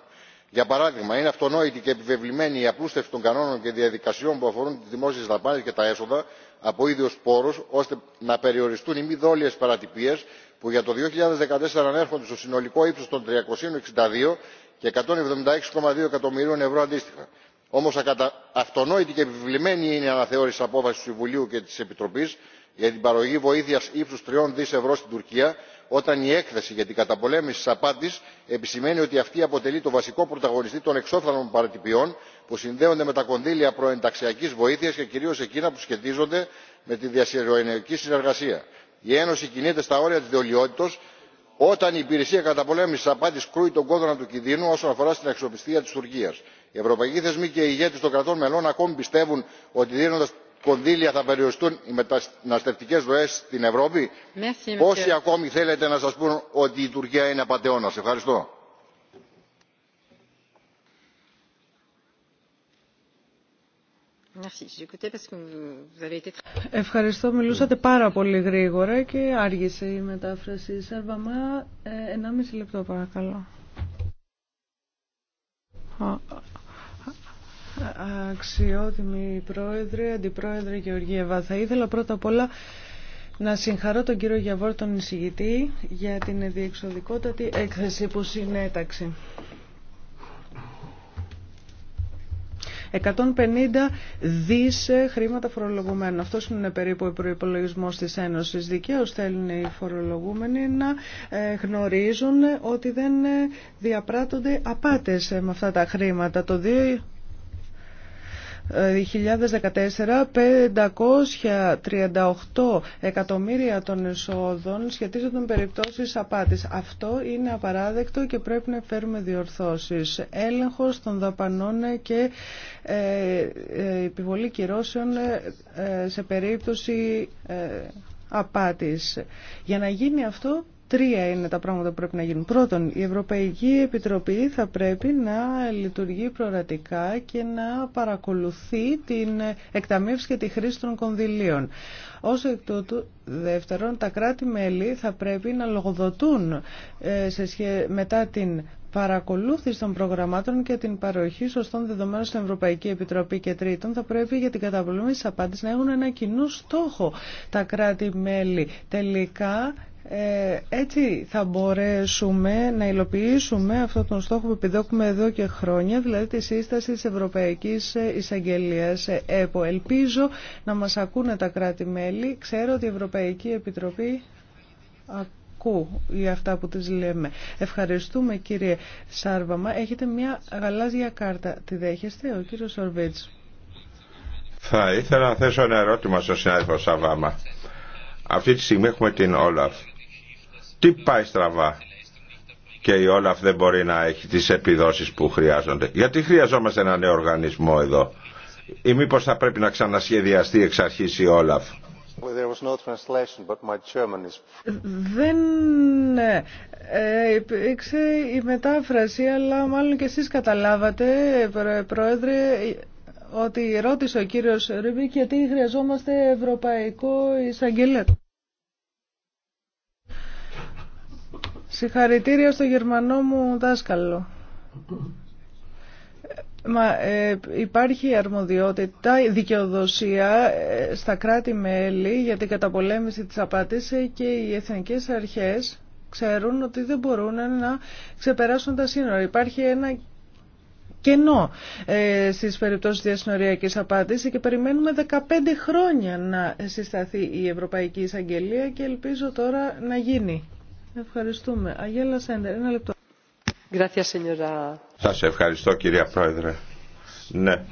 για παράδειγμα είναι αυτονόητη και επιβεβλημένη η απλούστευση των κανόνων και διαδικασιών που αφορούν τι δημόσιες δαπάνες και τα έσοδα από ίδιους πόρου ώστε να περιοριστούν οι μη δόλιε παρατυπίες που για το 2014 ανέρχονται στο συνολικό ύψος των 362 και 176,2 εκατομμυρίων ευρώ αντίστοιχα. Όμως αυτονόητη και επιβεβλημένη είναι η αναθεώρηση τη απόφαση του Συμβουλίου και της Επιτροπής για την παροχή βοήθεια ύψους 3 δι ευρώ στην Τουρκία όταν η έκθεση για την καταπολέμηση της απάτης επισημαίνει ότι αυτή αποτελεί το βασικό πρωταγωνιστή των εξόφθαλων παρατυπιών που συνδέονται με τα κονδύλια προενταξιακής βοήθειας και κυρίως εκείνα που σχετίζονται με τη διασυνοριακή συνεργασία. η ένωση κινείται στα όρια της δολιότητος όταν η υπηρεσία καταπολέμησης της απάτης κρούει τον κόδωνα του κινδύνου όσον αφορά στην αξιοπιστία της τουρκίας. οι ευρωπαϊκοί θεσμοί και οι ηγέτες των κρατών μελών ακόμη πιστεύουν ότι δίνοντα κονδύλια θα περιοριστούν οι μεταναστευτικές ροές στην ευρώπη. πόσοι ακόμη θέλετε να σας πούν ότι η τουρκία είναι απατεώνας. ευχαριστώ. Ευχαριστώ. Μιλούσατε πάρα πολύ γρήγορα και άργησε η μετάφραση. ένα 1,5 ε, λεπτό παρακαλώ. Αξιότιμη Πρόεδρε, Αντιπρόεδρε Γεωργίευα, θα ήθελα πρώτα απ' όλα να συγχαρώ τον κύριο Γιαβόρ, τον εισηγητή, για την διεξοδικότατη έκθεση που συνέταξε. 150 δις χρήματα φορολογουμένων. Αυτός είναι περίπου ο προϋπολογισμός της Ένωσης. Δικαίως θέλουν οι φορολογούμενοι να ε, γνωρίζουν ότι δεν ε, διαπράττονται απάτες ε, με αυτά τα χρήματα. Το 2014 ε, 538 εκατομμύρια των εσόδων σχετίζονται με περιπτώσεις απάτης. Αυτό είναι απαράδεκτο και πρέπει να φέρουμε διορθώσεις. Έλεγχος των δαπανών και ε, ε, επιβολή κυρώσεων σε περίπτωση απάτης. Για να γίνει αυτό Τρία είναι τα πράγματα που πρέπει να γίνουν. Πρώτον, η Ευρωπαϊκή Επιτροπή θα πρέπει να λειτουργεί προορατικά και να παρακολουθεί την εκταμίευση και τη χρήση των κονδυλίων. Ως εκ τούτου, δεύτερον, τα κράτη-μέλη θα πρέπει να λογοδοτούν ε, σε σχέ... μετά την παρακολούθηση των προγραμμάτων και την παροχή σωστών δεδομένων στην Ευρωπαϊκή Επιτροπή και τρίτον θα πρέπει για την καταβολή τη απάντηση να έχουν ένα κοινό στόχο τα κράτη-μέλη. Τελικά ε, έτσι θα μπορέσουμε να υλοποιήσουμε αυτόν τον στόχο που επιδόκουμε εδώ και χρόνια, δηλαδή τη σύσταση της Ευρωπαϊκής Εισαγγελίας ε, ΕΠΟ. Ελπίζω να μας ακούνε τα κράτη-μέλη. Ξέρω ότι η Ευρωπαϊκή Επιτροπή ακούει αυτά που τις λέμε. Ευχαριστούμε κύριε Σάρβαμα. Έχετε μια γαλάζια κάρτα. Τη δέχεστε ο κύριος Σορβίτς. Θα ήθελα να θέσω ένα ερώτημα στον συνάδελφο Σαββάμα. Αυτή τη στιγμή έχουμε την Όλαφ τι πάει στραβά και η Όλαφ δεν μπορεί να έχει τις επιδόσεις που χρειάζονται. Γιατί χρειαζόμαστε ένα νέο οργανισμό εδώ ή μήπως θα πρέπει να ξανασχεδιαστεί εξ αρχής η Όλαφ. Δεν ναι. ε, υπήρξε η μετάφραση, αλλά μάλλον και εσείς καταλάβατε, Πρόεδρε, ότι ρώτησε ο κύριος Ρίμπη γιατί χρειαζόμαστε ευρωπαϊκό εισαγγελέα. Συγχαρητήρια στο γερμανό μου δάσκαλο. Μα, ε, υπάρχει αρμοδιότητα, δικαιοδοσία ε, στα κράτη-μέλη για την καταπολέμηση της απάτης ε, και οι εθνικές αρχές ξέρουν ότι δεν μπορούν να ξεπεράσουν τα σύνορα. Υπάρχει ένα κενό ε, στις περιπτώσεις διασυνοριακής απάτης και περιμένουμε 15 χρόνια να συσταθεί η Ευρωπαϊκή Εισαγγελία και ελπίζω τώρα να γίνει. Ευχαριστούμε. Αγέλα Σέντερ, ένα λεπτό. Σας ευχαριστώ κυρία Πρόεδρε. Ναι,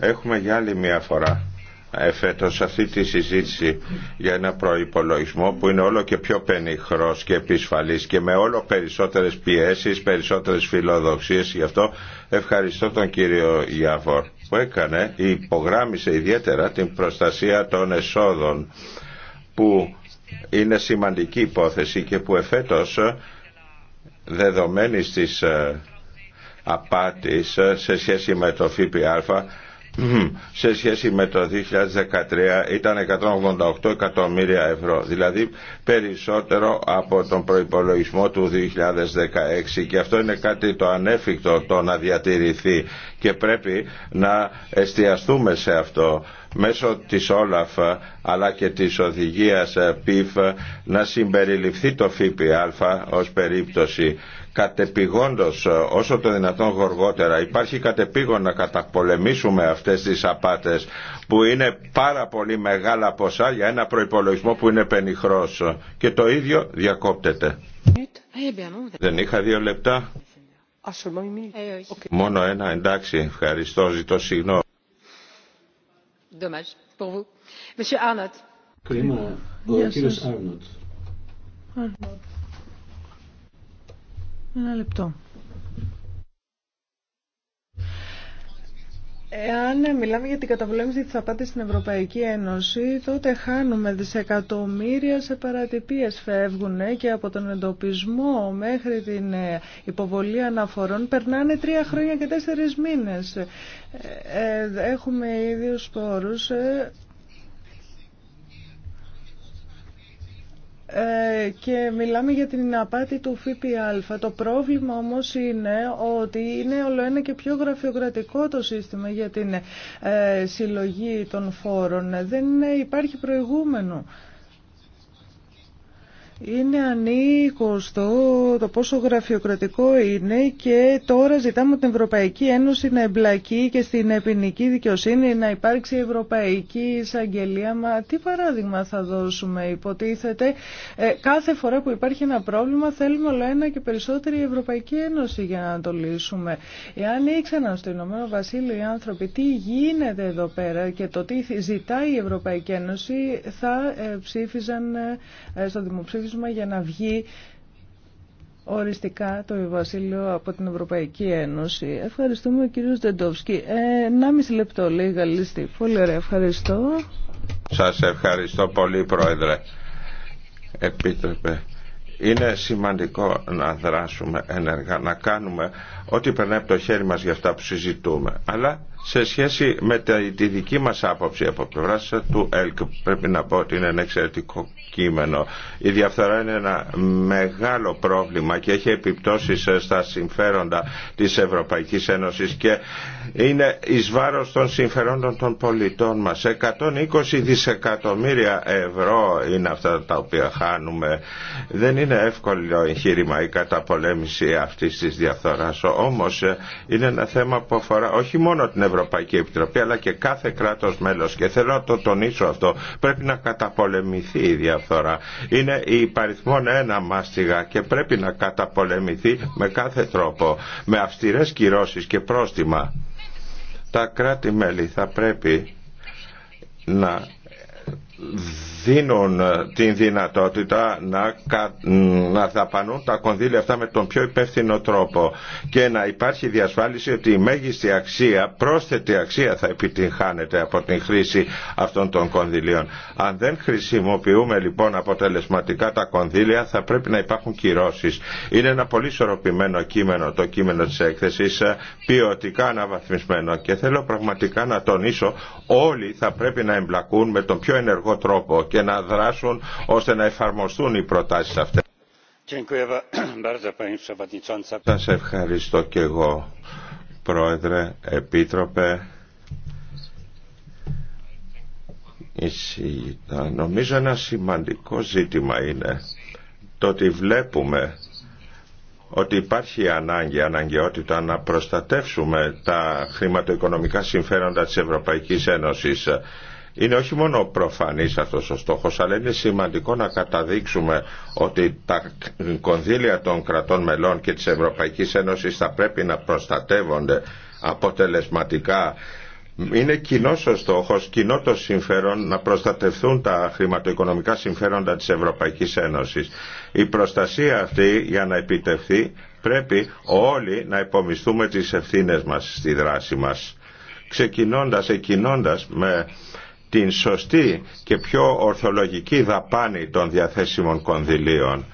έχουμε για άλλη μια φορά εφέτος αυτή τη συζήτηση για ένα προϋπολογισμό που είναι όλο και πιο πενιχρός και επισφαλής και με όλο περισσότερες πιέσεις, περισσότερες φιλοδοξίες. Γι' αυτό ευχαριστώ τον κύριο Γιάβορ που έκανε, υπογράμμισε ιδιαίτερα την προστασία των εσόδων που είναι σημαντική υπόθεση και που εφέτος δεδομένης της ε, απάτης ε, σε σχέση με το ΦΠΑ σε σχέση με το 2013 ήταν 188 εκατομμύρια ευρώ, δηλαδή περισσότερο από τον προϋπολογισμό του 2016 και αυτό είναι κάτι το ανέφικτο το να διατηρηθεί και πρέπει να εστιαστούμε σε αυτό μέσω της Όλαφ αλλά και της οδηγίας ΠΙΦ να συμπεριληφθεί το ΦΠΑ ως περίπτωση κατεπηγόντως ε, όσο το δυνατόν γοργότερα. Υπάρχει κατεπήγον να καταπολεμήσουμε αυτές τις απάτες που είναι πάρα πολύ μεγάλα ποσά για ένα προϋπολογισμό που είναι πενιχρός. Και το ίδιο διακόπτεται. Δεν είχα δύο λεπτά. Μόνο ένα, εντάξει, ευχαριστώ, ζητώ συγγνώμη. Κρίμα, ο κύριος Άρνοτ. Ένα Εάν μιλάμε για την καταβολέμηση της απάτης στην Ευρωπαϊκή Ένωση, τότε χάνουμε δισεκατομμύρια σε παρατυπίες φεύγουν και από τον εντοπισμό μέχρι την ε, υποβολή αναφορών περνάνε τρία χρόνια και τέσσερις μήνες. Ε, ε, έχουμε ίδιους σπόρους Ε, και μιλάμε για την απάτη του ΦΠΑ. Το πρόβλημα όμως είναι ότι είναι ένα και πιο γραφειοκρατικό το σύστημα για την ε, συλλογή των φόρων. Δεν υπάρχει προηγούμενο είναι ανήκωστο το πόσο γραφειοκρατικό είναι και τώρα ζητάμε την Ευρωπαϊκή Ένωση να εμπλακεί και στην επινική δικαιοσύνη να υπάρξει Ευρωπαϊκή Εισαγγελία. Μα τι παράδειγμα θα δώσουμε υποτίθεται. Ε, κάθε φορά που υπάρχει ένα πρόβλημα θέλουμε όλο ένα και περισσότερη Ευρωπαϊκή Ένωση για να το λύσουμε. Εάν ήξεραν στο Ηνωμένο Βασίλειο οι άνθρωποι τι γίνεται εδώ πέρα και το τι ζητάει η Ευρωπαϊκή Ένωση θα ε, ψήφιζαν ε, στο δημοψήφισμα ψηφίσμα για να βγει οριστικά το Βασίλειο από την Ευρωπαϊκή Ένωση. Ευχαριστούμε ο κύριος Δεντόφσκι. Ε, μισή λεπτό λέει γαλλιστή. Πολύ ωραία. Ευχαριστώ. Σας ευχαριστώ πολύ Πρόεδρε. Επίτρεπε. Είναι σημαντικό να δράσουμε ενεργά, να κάνουμε ό,τι περνάει από το χέρι μας για αυτά που συζητούμε. Αλλά σε σχέση με τη δική μας άποψη από πλευρά του ΕΛΚ πρέπει να πω ότι είναι ένα εξαιρετικό κείμενο. Η διαφθορά είναι ένα μεγάλο πρόβλημα και έχει επιπτώσεις ε, στα συμφέροντα της Ευρωπαϊκής Ένωσης και είναι εις βάρος των συμφερόντων των πολιτών μας. 120 δισεκατομμύρια ευρώ είναι αυτά τα οποία χάνουμε. Δεν είναι εύκολο εγχείρημα η καταπολέμηση αυτής της διαφθοράς. Όμως ε, είναι ένα θέμα που αφορά όχι μόνο την Ευρωπαϊκή Επιτροπή αλλά και κάθε κράτος μέλος και θέλω να το τονίσω αυτό. Πρέπει να καταπολεμηθεί η διαφθορά είναι η παριθμόν ένα μάστιγα και πρέπει να καταπολεμηθεί με κάθε τρόπο, με αυστηρές κυρώσεις και πρόστιμα. Τα κράτη-μέλη θα πρέπει να δίνουν ε, την δυνατότητα να, να δαπανούν τα κονδύλια αυτά με τον πιο υπεύθυνο τρόπο και να υπάρχει διασφάλιση ότι η μέγιστη αξία, πρόσθετη αξία θα επιτυγχάνεται από την χρήση αυτών των κονδυλίων. Αν δεν χρησιμοποιούμε λοιπόν αποτελεσματικά τα κονδύλια θα πρέπει να υπάρχουν κυρώσεις. Είναι ένα πολύ ισορροπημένο κείμενο το κείμενο της έκθεσης, ε, ποιοτικά αναβαθμισμένο και θέλω πραγματικά να τονίσω όλοι θα πρέπει να εμπλακούν με τον πιο ενεργό τρόπο και να δράσουν ώστε να εφαρμοστούν οι προτάσεις αυτές. Σας ευχαριστώ και εγώ, Πρόεδρε, Επίτροπε. Νομίζω ένα σημαντικό ζήτημα είναι το ότι βλέπουμε ότι υπάρχει ανάγκη, αναγκαιότητα να προστατεύσουμε τα χρηματοοικονομικά συμφέροντα της Ευρωπαϊκής Ένωσης είναι όχι μόνο προφανής αυτός ο στόχος, αλλά είναι σημαντικό να καταδείξουμε ότι τα κονδύλια των κρατών μελών και της Ευρωπαϊκής Ένωσης θα πρέπει να προστατεύονται αποτελεσματικά είναι κοινό ο στόχο, κοινό το συμφέρον να προστατευτούν τα χρηματοοικονομικά συμφέροντα τη Ευρωπαϊκή Ένωση. Η προστασία αυτή για να επιτευχθεί πρέπει όλοι να υπομισθούμε τι ευθύνε μα στη δράση μα, Ξεκινώντας, με την σωστή και πιο ορθολογική δαπάνη των διαθέσιμων κονδυλίων.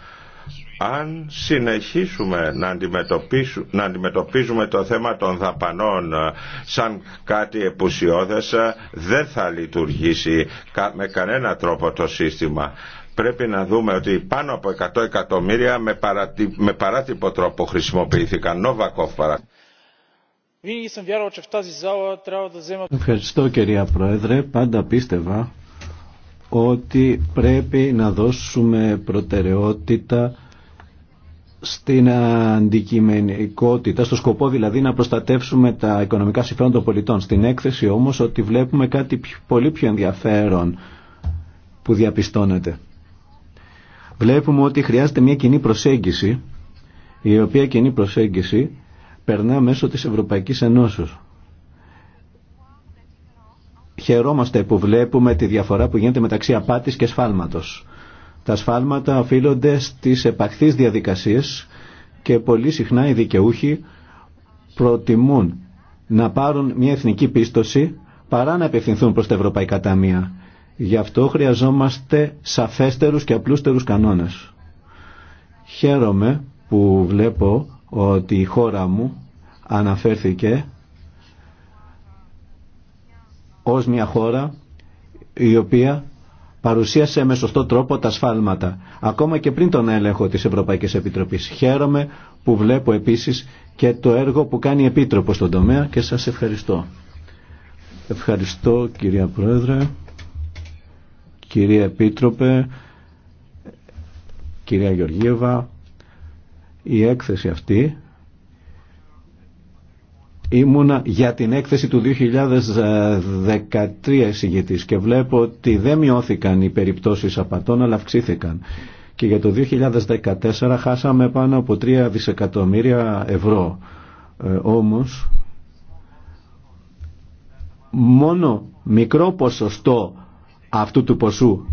Αν συνεχίσουμε να, να αντιμετωπίζουμε το θέμα των δαπανών ε, σαν κάτι επουσιώδες, ε, δεν θα λειτουργήσει με κανένα τρόπο το σύστημα πρέπει να δούμε ότι πάνω από 100 εκατομμύρια με, παράτυπο τρόπο χρησιμοποιήθηκαν. Винаги съм Ευχαριστώ κυρία Πρόεδρε. Πάντα πίστευα ότι πρέπει να δώσουμε προτεραιότητα στην αντικειμενικότητα, στο σκοπό δηλαδή να προστατεύσουμε τα οικονομικά συμφέροντα των πολιτών. Στην έκθεση όμως ότι βλέπουμε κάτι πολύ πιο ενδιαφέρον που διαπιστώνεται. Βλέπουμε ότι χρειάζεται μια κοινή προσέγγιση, η οποία κοινή προσέγγιση περνά μέσω της Ευρωπαϊκής Ενώσεως. Χαιρόμαστε που βλέπουμε τη διαφορά που γίνεται μεταξύ απάτης και σφάλματος. Τα σφάλματα οφείλονται στις επαχθείς διαδικασίες και πολύ συχνά οι δικαιούχοι προτιμούν να πάρουν μια εθνική πίστοση παρά να απευθυνθούν προς τα ευρωπαϊκά ταμεία. Γι' αυτό χρειαζόμαστε σαφέστερους και απλούστερους κανόνες. Χαίρομαι που βλέπω ότι η χώρα μου αναφέρθηκε ως μια χώρα η οποία παρουσίασε με σωστό τρόπο τα σφάλματα, ακόμα και πριν τον έλεγχο της Ευρωπαϊκής Επιτροπής. Χαίρομαι που βλέπω επίσης και το έργο που κάνει η Επίτροπο στον τομέα και σας ευχαριστώ. Ευχαριστώ κυρία Πρόεδρε, κυρία Επίτροπε, κυρία Γεωργίευα, η έκθεση αυτή ήμουνα για την έκθεση του 2013 εισηγητής και βλέπω ότι δεν μειώθηκαν οι περιπτώσεις απατών αλλά αυξήθηκαν και για το 2014 χάσαμε πάνω από 3 δισεκατομμύρια ευρώ ε, όμως μόνο μικρό ποσοστό αυτού του ποσού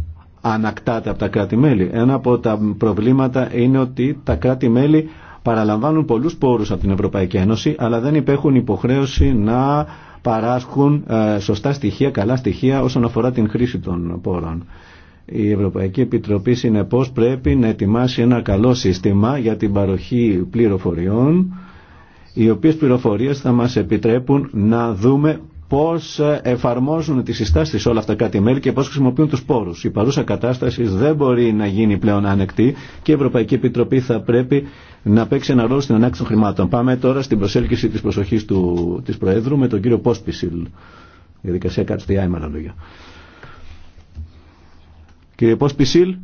ανακτάται από τα κράτη-μέλη. Ένα από τα προβλήματα είναι ότι τα κράτη-μέλη παραλαμβάνουν πολλούς πόρους από την Ευρωπαϊκή Ένωση, αλλά δεν υπέχουν υποχρέωση να παράσχουν ε, σωστά στοιχεία, καλά στοιχεία όσον αφορά την χρήση των πόρων. Η Ευρωπαϊκή Επιτροπή συνεπώς πρέπει να ετοιμάσει ένα καλό σύστημα για την παροχή πληροφοριών, οι οποίες πληροφορίες θα μας επιτρέπουν να δούμε πώς εφαρμόζουν τις συστάσεις όλα αυτά κάτι μέλη και πώς χρησιμοποιούν τους πόρους. Η παρούσα κατάσταση δεν μπορεί να γίνει πλέον ανεκτή και η Ευρωπαϊκή Επιτροπή θα πρέπει να παίξει ένα ρόλο στην ανάκτηση των χρημάτων. Πάμε τώρα στην προσέλκυση της προσοχής του, της Προέδρου με τον κύριο Πόσπισιλ. δικασία κάτσε με άλλα λόγια. Κύριε Πόσπισιλ.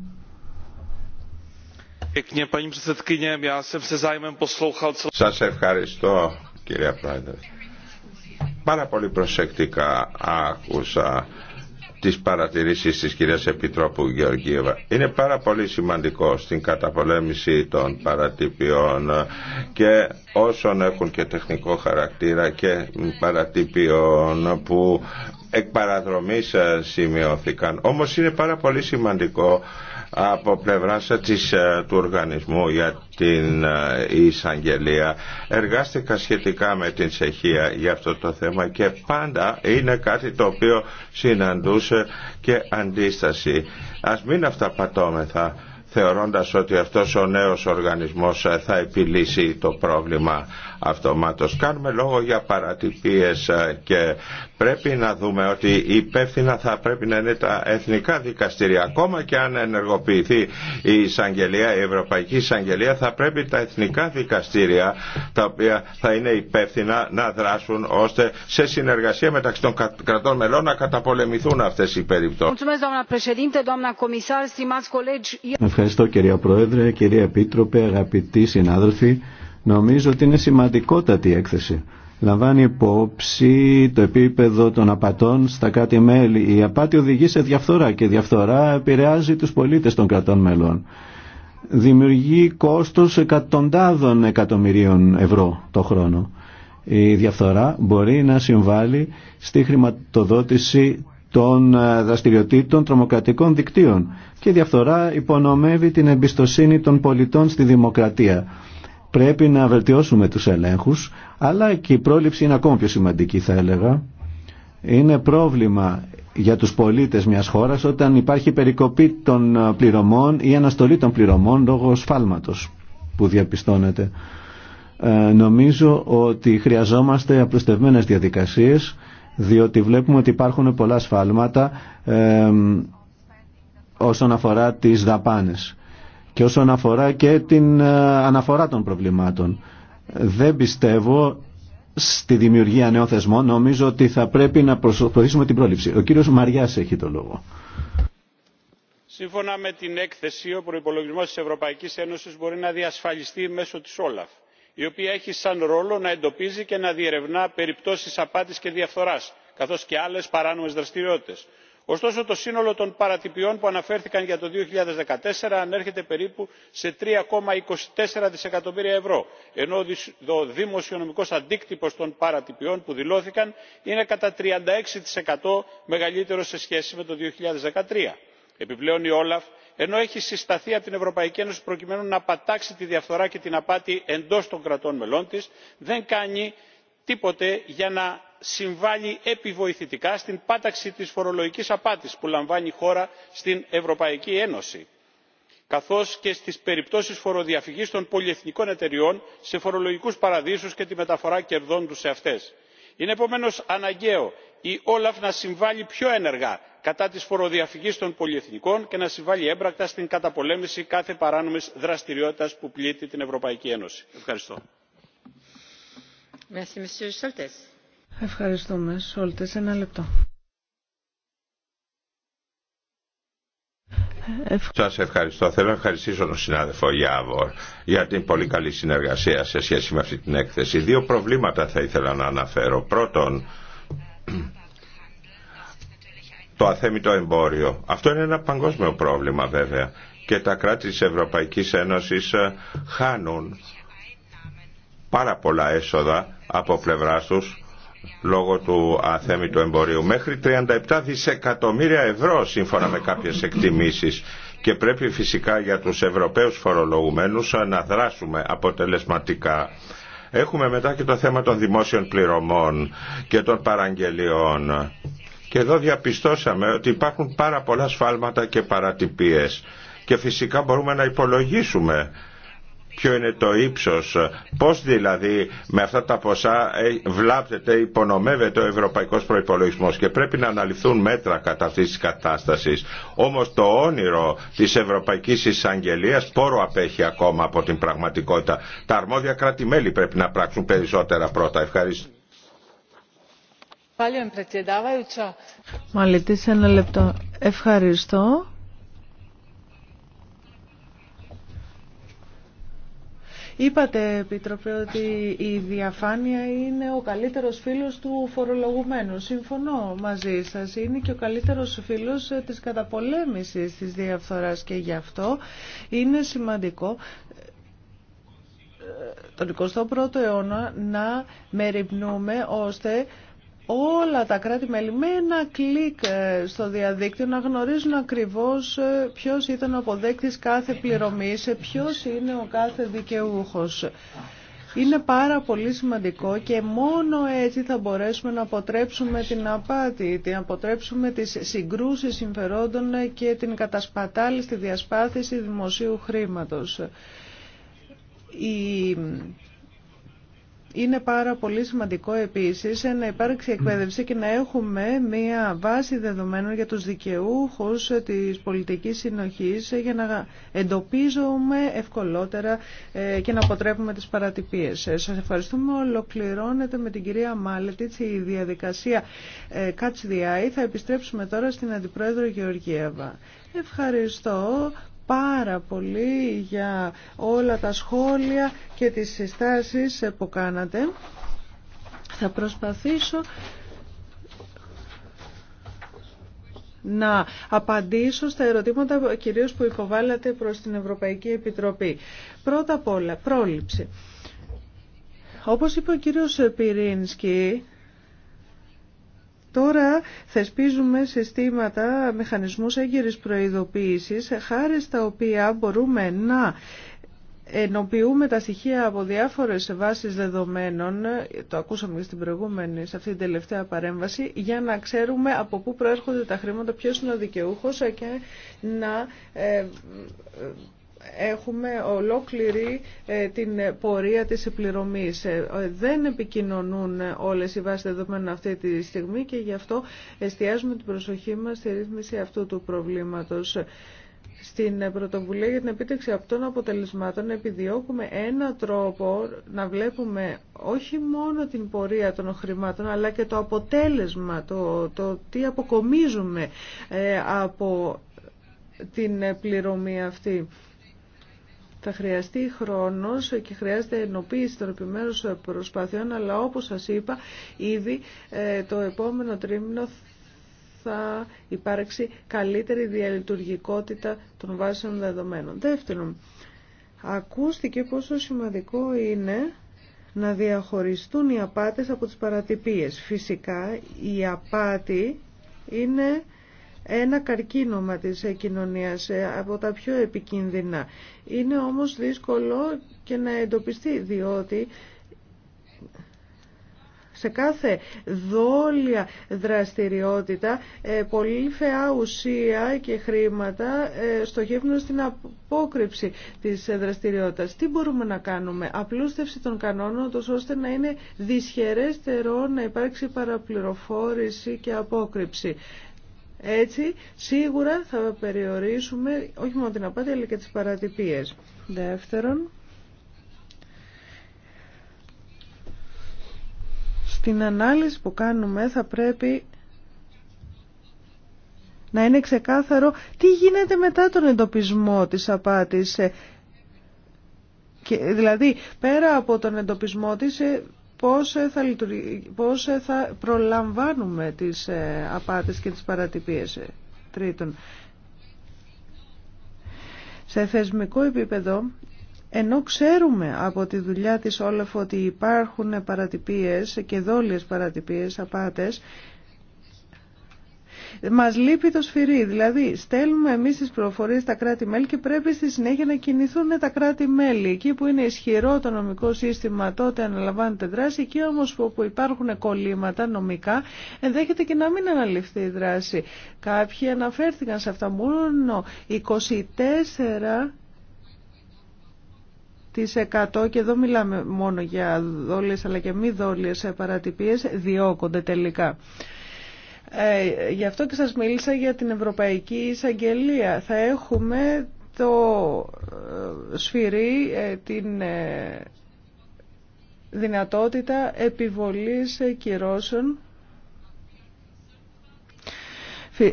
Σας ευχαριστώ κύριε Πρόεδρε. Πάρα πολύ προσεκτικά άκουσα τις παρατηρήσεις της κυρίας Επιτρόπου Γεωργίευα. Είναι πάρα πολύ σημαντικό στην καταπολέμηση των παρατυπιών και όσων έχουν και τεχνικό χαρακτήρα και παρατυπιών που εκ παραδρομής ε, σημειώθηκαν. Όμως είναι πάρα πολύ σημαντικό από πλευρά της, ε, του οργανισμού για την ε, εισαγγελία. Εργάστηκα σχετικά με την Σεχία για αυτό το θέμα και πάντα είναι κάτι το οποίο συναντούσε και αντίσταση. Ας μην αυταπατώμεθα θεωρώντας ότι αυτός ο νέος οργανισμός ε, θα επιλύσει το πρόβλημα αυτομάτως. Κάνουμε λόγο για παρατυπίες ε, και πρέπει να δούμε ότι υπεύθυνα θα πρέπει να είναι τα εθνικά δικαστήρια. Ακόμα και αν ενεργοποιηθεί η εισαγγελία, η Ευρωπαϊκή Εισαγγελία, θα πρέπει τα εθνικά δικαστήρια τα οποία θα είναι υπεύθυνα να δράσουν ώστε σε συνεργασία μεταξύ των κρατών μελών να καταπολεμηθούν αυτές οι περιπτώσεις. Ευχαριστώ κυρία Πρόεδρε, κυρία Επίτροπε, αγαπητοί συνάδελφοι. Νομίζω ότι είναι σημαντικότατη η έκθεση. Λαμβάνει υπόψη το επίπεδο των απατών στα κάτι μέλη. Η απάτη οδηγεί σε διαφθορά και η διαφθορά επηρεάζει τους πολίτες των κρατών μελών. Δημιουργεί κόστος εκατοντάδων εκατομμυρίων ευρώ το χρόνο. Η διαφθορά μπορεί να συμβάλλει στη χρηματοδότηση των ε, δραστηριοτήτων τρομοκρατικών δικτύων και η διαφθορά υπονομεύει την εμπιστοσύνη των πολιτών στη δημοκρατία. Πρέπει να βελτιώσουμε τους ελέγχους, αλλά και η πρόληψη είναι ακόμα πιο σημαντική θα έλεγα. Είναι πρόβλημα για τους πολίτες μιας χώρας όταν υπάρχει περικοπή των ε, πληρωμών ή αναστολή των πληρωμών λόγω σφάλματος που διαπιστώνεται. Ε, νομίζω ότι χρειαζόμαστε απλουστευμένες διαδικασίες διότι βλέπουμε ότι υπάρχουν πολλά σφάλματα ε, όσον αφορά τις δαπάνες και όσον αφορά και την ε, αναφορά των προβλημάτων. Δεν πιστεύω στη δημιουργία νέων θεσμών. Νομίζω ότι θα πρέπει να προσπαθήσουμε την πρόληψη. Ο κύριος Μαριάς έχει το λόγο. Σύμφωνα με την έκθεση, ο προπολογισμό τη Ευρωπαϊκή Ένωση μπορεί να διασφαλιστεί μέσω τη Όλαφ, η οποία έχει σαν ρόλο να εντοπίζει και να διερευνά περιπτώσει απάτη και διαφθορά, καθώ και άλλε παράνομε δραστηριότητε ωστόσο το σύνολο των παρατυπιών που αναφέρθηκαν για το 2014 ανέρχεται περίπου σε 3,24 δισεκατομμύρια ευρώ ενώ ο δημοσιονομικό αντίκτυπος των παρατυπιών που δηλώθηκαν είναι κατά 36% μεγαλύτερο μεγαλύτερος σε σχέση με το. 2013. επιπλέον η Όλαφ, ενώ έχει συσταθεί από την ευρωπαϊκή ένωση προκειμένου να πατάξει τη διαφθορά και την απάτη εντός των κρατών μελών τη, δεν κάνει τίποτε για να συμβάλλει επιβοηθητικά στην πάταξη της φορολογικής απάτης που λαμβάνει η χώρα στην ευρωπαϊκή ένωση καθώς και στις περιπτώσεις φοροδιαφυγής των πολυεθνικών εταιριών σε φορολογικούς παραδείσους και τη μεταφορά κερδών τους σε αυτές. είναι επομένως αναγκαίο η όλαφ να συμβάλλει πιο ενεργά κατά της φοροδιαφυγής των πολυεθνικών και να συμβάλλει έμπρακτα στην καταπολέμηση κάθε παράνομης δραστηριότητας που πλήττει την ευρωπαϊκή ένωση. ευχαριστώ. Ευχαριστούμε. Σόλτε, ένα λεπτό. Σα ευχαριστώ. Θέλω να ευχαριστήσω τον συνάδελφο Γιάβορ για την πολύ καλή συνεργασία σε σχέση με αυτή την έκθεση. Δύο προβλήματα θα ήθελα να αναφέρω. Πρώτον, το αθέμητο εμπόριο. Αυτό είναι ένα παγκόσμιο πρόβλημα βέβαια και τα κράτη της Ευρωπαϊκής Ένωσης ε, χάνουν πάρα πολλά έσοδα από πλευρά τους λόγω του αθέμητου εμπορίου. Μέχρι 37 δισεκατομμύρια ευρώ σύμφωνα με κάποιες εκτιμήσεις και πρέπει φυσικά για τους Ευρωπαίους φορολογουμένους να δράσουμε αποτελεσματικά. Έχουμε μετά και το θέμα των δημόσιων πληρωμών και των παραγγελιών. Και εδώ διαπιστώσαμε ότι υπάρχουν πάρα πολλά σφάλματα και παρατυπίες. Και φυσικά μπορούμε να υπολογίσουμε ποιο είναι το ύψος, πώς δηλαδή με αυτά τα ποσά ε, βλάπτεται, υπονομεύεται ο ευρωπαϊκός προϋπολογισμός και πρέπει να αναλυθούν μέτρα κατά αυτής της κατάστασης. Όμως το όνειρο της Ευρωπαϊκής Εισαγγελίας πόρο απέχει ακόμα από την πραγματικότητα. Τα αρμόδια κράτη-μέλη πρέπει να πράξουν περισσότερα πρώτα. Ευχαριστώ. Μάλιστα, ένα λεπτό. Ευχαριστώ. Είπατε, Επίτροπε, ότι η διαφάνεια είναι ο καλύτερος φίλος του φορολογουμένου. Συμφωνώ μαζί σας. Είναι και ο καλύτερος φίλος της καταπολέμησης της διαφθοράς και γι' αυτό είναι σημαντικό ε, τον 21ο αιώνα να μεριμνούμε ώστε όλα τα κράτη-μέλη με ένα κλικ ε, στο διαδίκτυο να γνωρίζουν ακριβώς ε, ποιος ήταν ο αποδέκτης κάθε πληρωμής, ε, ποιος είναι ο κάθε δικαιούχος. Είναι πάρα πολύ σημαντικό και μόνο έτσι θα μπορέσουμε να αποτρέψουμε την απάτη, να αποτρέψουμε τις συγκρούσεις συμφερόντων και την κατασπατάλη στη διασπάθηση δημοσίου χρήματος. Είναι πάρα πολύ σημαντικό επίσης να υπάρξει εκπαίδευση και να έχουμε μια βάση δεδομένων για τους δικαιούχους της πολιτικής συνοχής για να εντοπίζουμε ευκολότερα ε, και να αποτρέπουμε τις παρατυπίες. Ε, σας ευχαριστούμε. Ολοκληρώνεται με την κυρία Μάλετιτς η διαδικασία ε, Catch the Eye. Θα επιστρέψουμε τώρα στην Αντιπρόεδρο Γεωργίευα. Ευχαριστώ πάρα πολύ για όλα τα σχόλια και τις συστάσεις που κάνατε. Θα προσπαθήσω να απαντήσω στα ερωτήματα κυρίως που υποβάλλατε προς την Ευρωπαϊκή Επιτροπή. Πρώτα απ' όλα, πρόληψη. Όπως είπε ο κύριος Πυρίνσκι, Τώρα θεσπίζουμε συστήματα, μηχανισμούς έγκυρης προειδοποίησης, χάρη στα οποία μπορούμε να ενοποιούμε τα στοιχεία από διάφορες βάσεις δεδομένων, το ακούσαμε και στην προηγούμενη, σε αυτή την τελευταία παρέμβαση, για να ξέρουμε από πού προέρχονται τα χρήματα, ποιος είναι ο δικαιούχος και να ε, έχουμε ολόκληρη ε, την πορεία της πληρωμή. Ε, δεν επικοινωνούν όλες οι βάσεις δεδομένων αυτή τη στιγμή και γι' αυτό εστιάζουμε την προσοχή μας στη ρύθμιση αυτού του προβλήματος. Στην πρωτοβουλία για την επίτευξη αυτών αποτελεσμάτων επιδιώκουμε ένα τρόπο να βλέπουμε όχι μόνο την πορεία των χρημάτων αλλά και το αποτέλεσμα, το, το τι αποκομίζουμε ε, από την πληρωμή αυτή. Θα χρειαστεί χρόνος και χρειάζεται ενοποίηση των επιμέρους προσπαθειών, αλλά όπως σας είπα, ήδη ε, το επόμενο τρίμηνο θα υπάρξει καλύτερη διαλειτουργικότητα των βάσεων δεδομένων. Δεύτερον, ακούστηκε πόσο σημαντικό είναι να διαχωριστούν οι απάτες από τις παρατυπίες. Φυσικά, η απάτη είναι ένα καρκίνωμα της κοινωνίας ε, από τα πιο επικίνδυνα. Είναι όμως δύσκολο και να εντοπιστεί διότι σε κάθε δόλια δραστηριότητα ε, πολύ φαιά ουσία και χρήματα ε, στοχεύουν στην απόκρυψη της δραστηριότητας. Τι μπορούμε να κάνουμε. Απλούστευση των κανόνων ώστε να είναι δυσχερέστερο να υπάρξει παραπληροφόρηση και απόκρυψη. Έτσι, σίγουρα θα περιορίσουμε όχι μόνο την απάτη, αλλά και τις παρατυπίες. Δεύτερον, στην ανάλυση που κάνουμε θα πρέπει να είναι ξεκάθαρο τι γίνεται μετά τον εντοπισμό της απάτης. Ε, δηλαδή, πέρα από τον εντοπισμό της, ε, πώς ε, θα, πώς ε, θα προλαμβάνουμε τις ε, απάτες και τις παρατυπίες. Τρίτον, σε θεσμικό επίπεδο, ενώ ξέρουμε από τη δουλειά της Όλεφ ότι υπάρχουν παρατυπίες και δόλιες παρατυπίες, απάτες, μας λείπει το σφυρί, δηλαδή στέλνουμε εμείς τις προφορίες στα κράτη-μέλη και πρέπει στη συνέχεια να κινηθούν τα κράτη-μέλη. Εκεί που είναι ισχυρό το νομικό σύστημα τότε αναλαμβάνεται δράση, εκεί όμως που υπάρχουν κολλήματα νομικά ενδέχεται και να μην αναλυφθεί η δράση. Κάποιοι αναφέρθηκαν σε αυτά μόνο 24 τις 100 και εδώ μιλάμε μόνο για δόλες αλλά και μη δόλες παρατυπίες διώκονται τελικά. Ε, γι' αυτό και σας μίλησα για την Ευρωπαϊκή Εισαγγελία. Θα έχουμε το ε, σφυρί, ε, την δυνατότητα επιβολής κυρώσεων.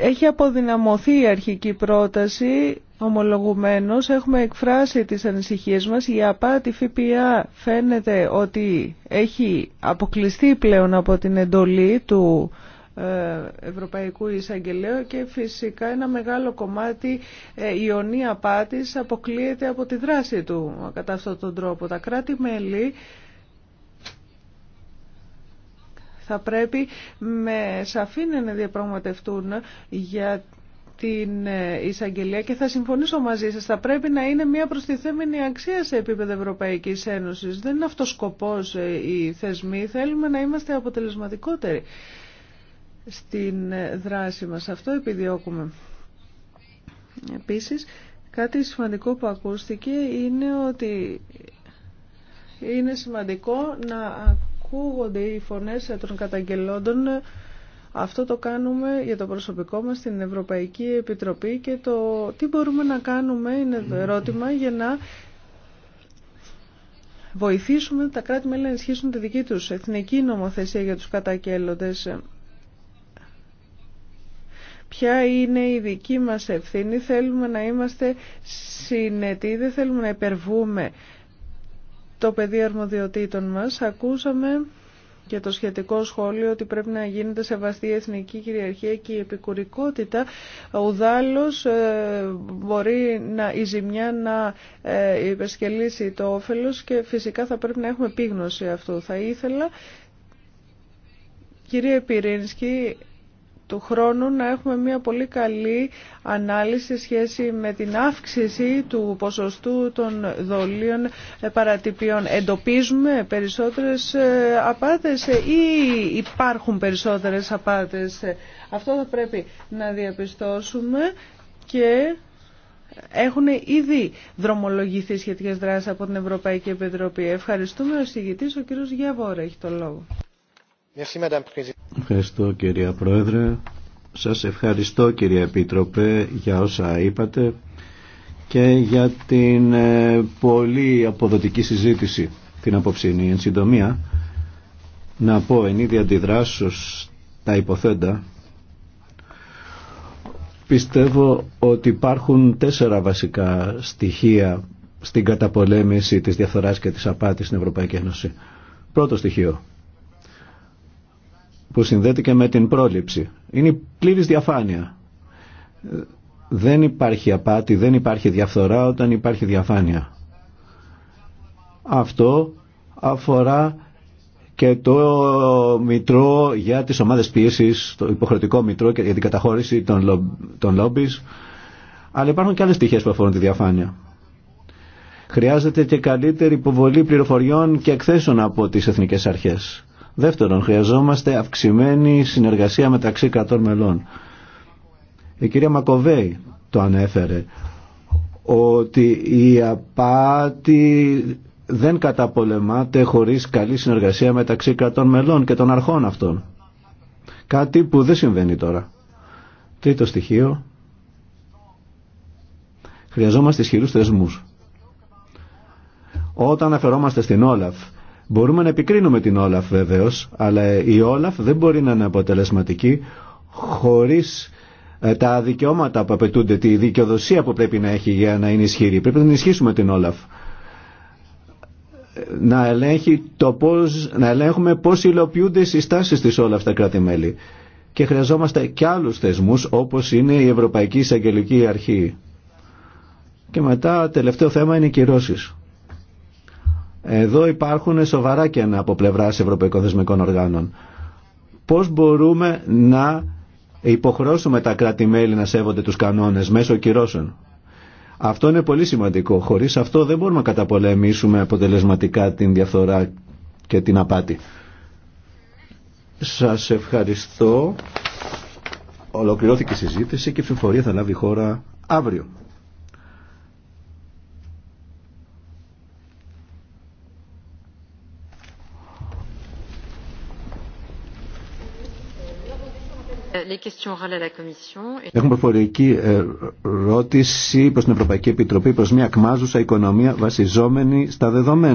Έχει αποδυναμωθεί η αρχική πρόταση, ομολογουμένως έχουμε εκφράσει τις ανησυχίες μας. Η απάτη ΦΠΑ φαίνεται ότι έχει αποκλειστεί πλέον από την εντολή του ε, Ευρωπαϊκού Εισαγγελέου και φυσικά ένα μεγάλο κομμάτι ε, η ονία πάτης αποκλείεται από τη δράση του κατά αυτόν τον τρόπο. Τα κράτη-μέλη θα πρέπει με σαφήνεια να διαπραγματευτούν για την ε, εισαγγελία και θα συμφωνήσω μαζί σας. Θα πρέπει να είναι μια προστιθέμενη αξία σε επίπεδο Ευρωπαϊκής Ένωσης. Δεν είναι αυτός σκοπός οι θεσμοί. Θέλουμε να είμαστε αποτελεσματικότεροι στην δράση μας. Αυτό επιδιώκουμε. Επίσης, κάτι σημαντικό που ακούστηκε είναι ότι είναι σημαντικό να ακούγονται οι φωνές των καταγγελόντων. Αυτό το κάνουμε για το προσωπικό μας στην Ευρωπαϊκή Επιτροπή και το τι μπορούμε να κάνουμε είναι το ερώτημα για να βοηθήσουμε τα κράτη-μέλη να ενισχύσουν τη δική τους εθνική νομοθεσία για τους καταγγέλοντες ποια είναι η δική μας ευθύνη. Θέλουμε να είμαστε συνετοί, δεν θέλουμε να υπερβούμε το πεδίο αρμοδιοτήτων μας. Ακούσαμε και το σχετικό σχόλιο ότι πρέπει να γίνεται σεβαστή η εθνική κυριαρχία και η επικουρικότητα. Ουδάλλως ε, μπορεί να, η ζημιά να ε, υπερσκελίσει το όφελος και φυσικά θα πρέπει να έχουμε επίγνωση αυτού. Θα ήθελα, κύριε Πυρίνσκι, του χρόνου να έχουμε μια πολύ καλή ανάλυση σχέση με την αύξηση του ποσοστού των δολίων ε, παρατυπιών. Εντοπίζουμε περισσότερες ε, απάτες ή υπάρχουν περισσότερες απάτες. Αυτό θα πρέπει να διαπιστώσουμε και έχουν ήδη δρομολογηθεί σχετικές δράσεις από την Ευρωπαϊκή Επιτροπή. Ευχαριστούμε. Ο συγητής, ο κύριος Γιαβόρα, έχει το λόγο. Ευχαριστώ κυρία Πρόεδρε. Σας ευχαριστώ κυρία Επίτροπε για όσα είπατε και για την ε, πολύ αποδοτική συζήτηση την αποψηνή Εν συντομία, να πω εν είδη αντιδράσεως τα υποθέντα, πιστεύω ότι υπάρχουν τέσσερα βασικά στοιχεία στην καταπολέμηση της διαφθοράς και της απάτης στην Ευρωπαϊκή Ένωση. Πρώτο στοιχείο, που συνδέεται και με την πρόληψη. Είναι η πλήρης διαφάνεια. Δεν υπάρχει απάτη, δεν υπάρχει διαφθορά όταν υπάρχει διαφάνεια. Αυτό αφορά και το μητρό για τις ομάδες πίεσης, το υποχρεωτικό μητρό για την καταχώρηση των, λομ, αλλά υπάρχουν και άλλες στοιχείες που αφορούν τη διαφάνεια. Χρειάζεται και καλύτερη υποβολή πληροφοριών και εκθέσεων από τις εθνικές αρχές. Δεύτερον, χρειαζόμαστε αυξημένη συνεργασία μεταξύ κρατών μελών. Η κυρία Μακοβέη το ανέφερε ότι η απάτη δεν καταπολεμάται χωρίς καλή συνεργασία μεταξύ κρατών μελών και των αρχών αυτών. Κάτι που δεν συμβαίνει τώρα. Τρίτο στοιχείο. Χρειαζόμαστε ισχυρούς θεσμούς. Όταν αφαιρόμαστε στην Όλαφ Μπορούμε να επικρίνουμε την Όλαφ βεβαίως, αλλά η Όλαφ δεν μπορεί να είναι αποτελεσματική χωρίς ε, τα δικαιώματα που απαιτούνται, τη δικαιοδοσία που πρέπει να έχει για να είναι ισχυρή. Πρέπει να ενισχύσουμε την Όλαφ. Να, ελέγχει το πώς, να ελέγχουμε πώς υλοποιούνται οι συστάσεις της Όλαφ τα κράτη-μέλη. Και χρειαζόμαστε και άλλους θεσμούς όπως είναι η Ευρωπαϊκή Εισαγγελική Αρχή. Και μετά τελευταίο θέμα είναι οι κυρώσει. Εδώ υπάρχουν σοβαρά κενά από πλευρά ευρωπαϊκών θεσμικών οργάνων. Πώς μπορούμε να υποχρώσουμε τα κράτη-μέλη να σέβονται τους κανόνες μέσω κυρώσεων. Αυτό είναι πολύ σημαντικό. Χωρίς αυτό δεν μπορούμε να καταπολεμήσουμε αποτελεσματικά την διαφθορά και την απάτη. Σα ευχαριστώ. Ολοκληρώθηκε η συζήτηση και η ψηφοφορία θα λάβει χώρα αύριο. Έχουμε προφορική ερώτηση προς την Ευρωπαϊκή Επιτροπή προς μια κμάζουσα οικονομία βασιζόμενη στα δεδομένα.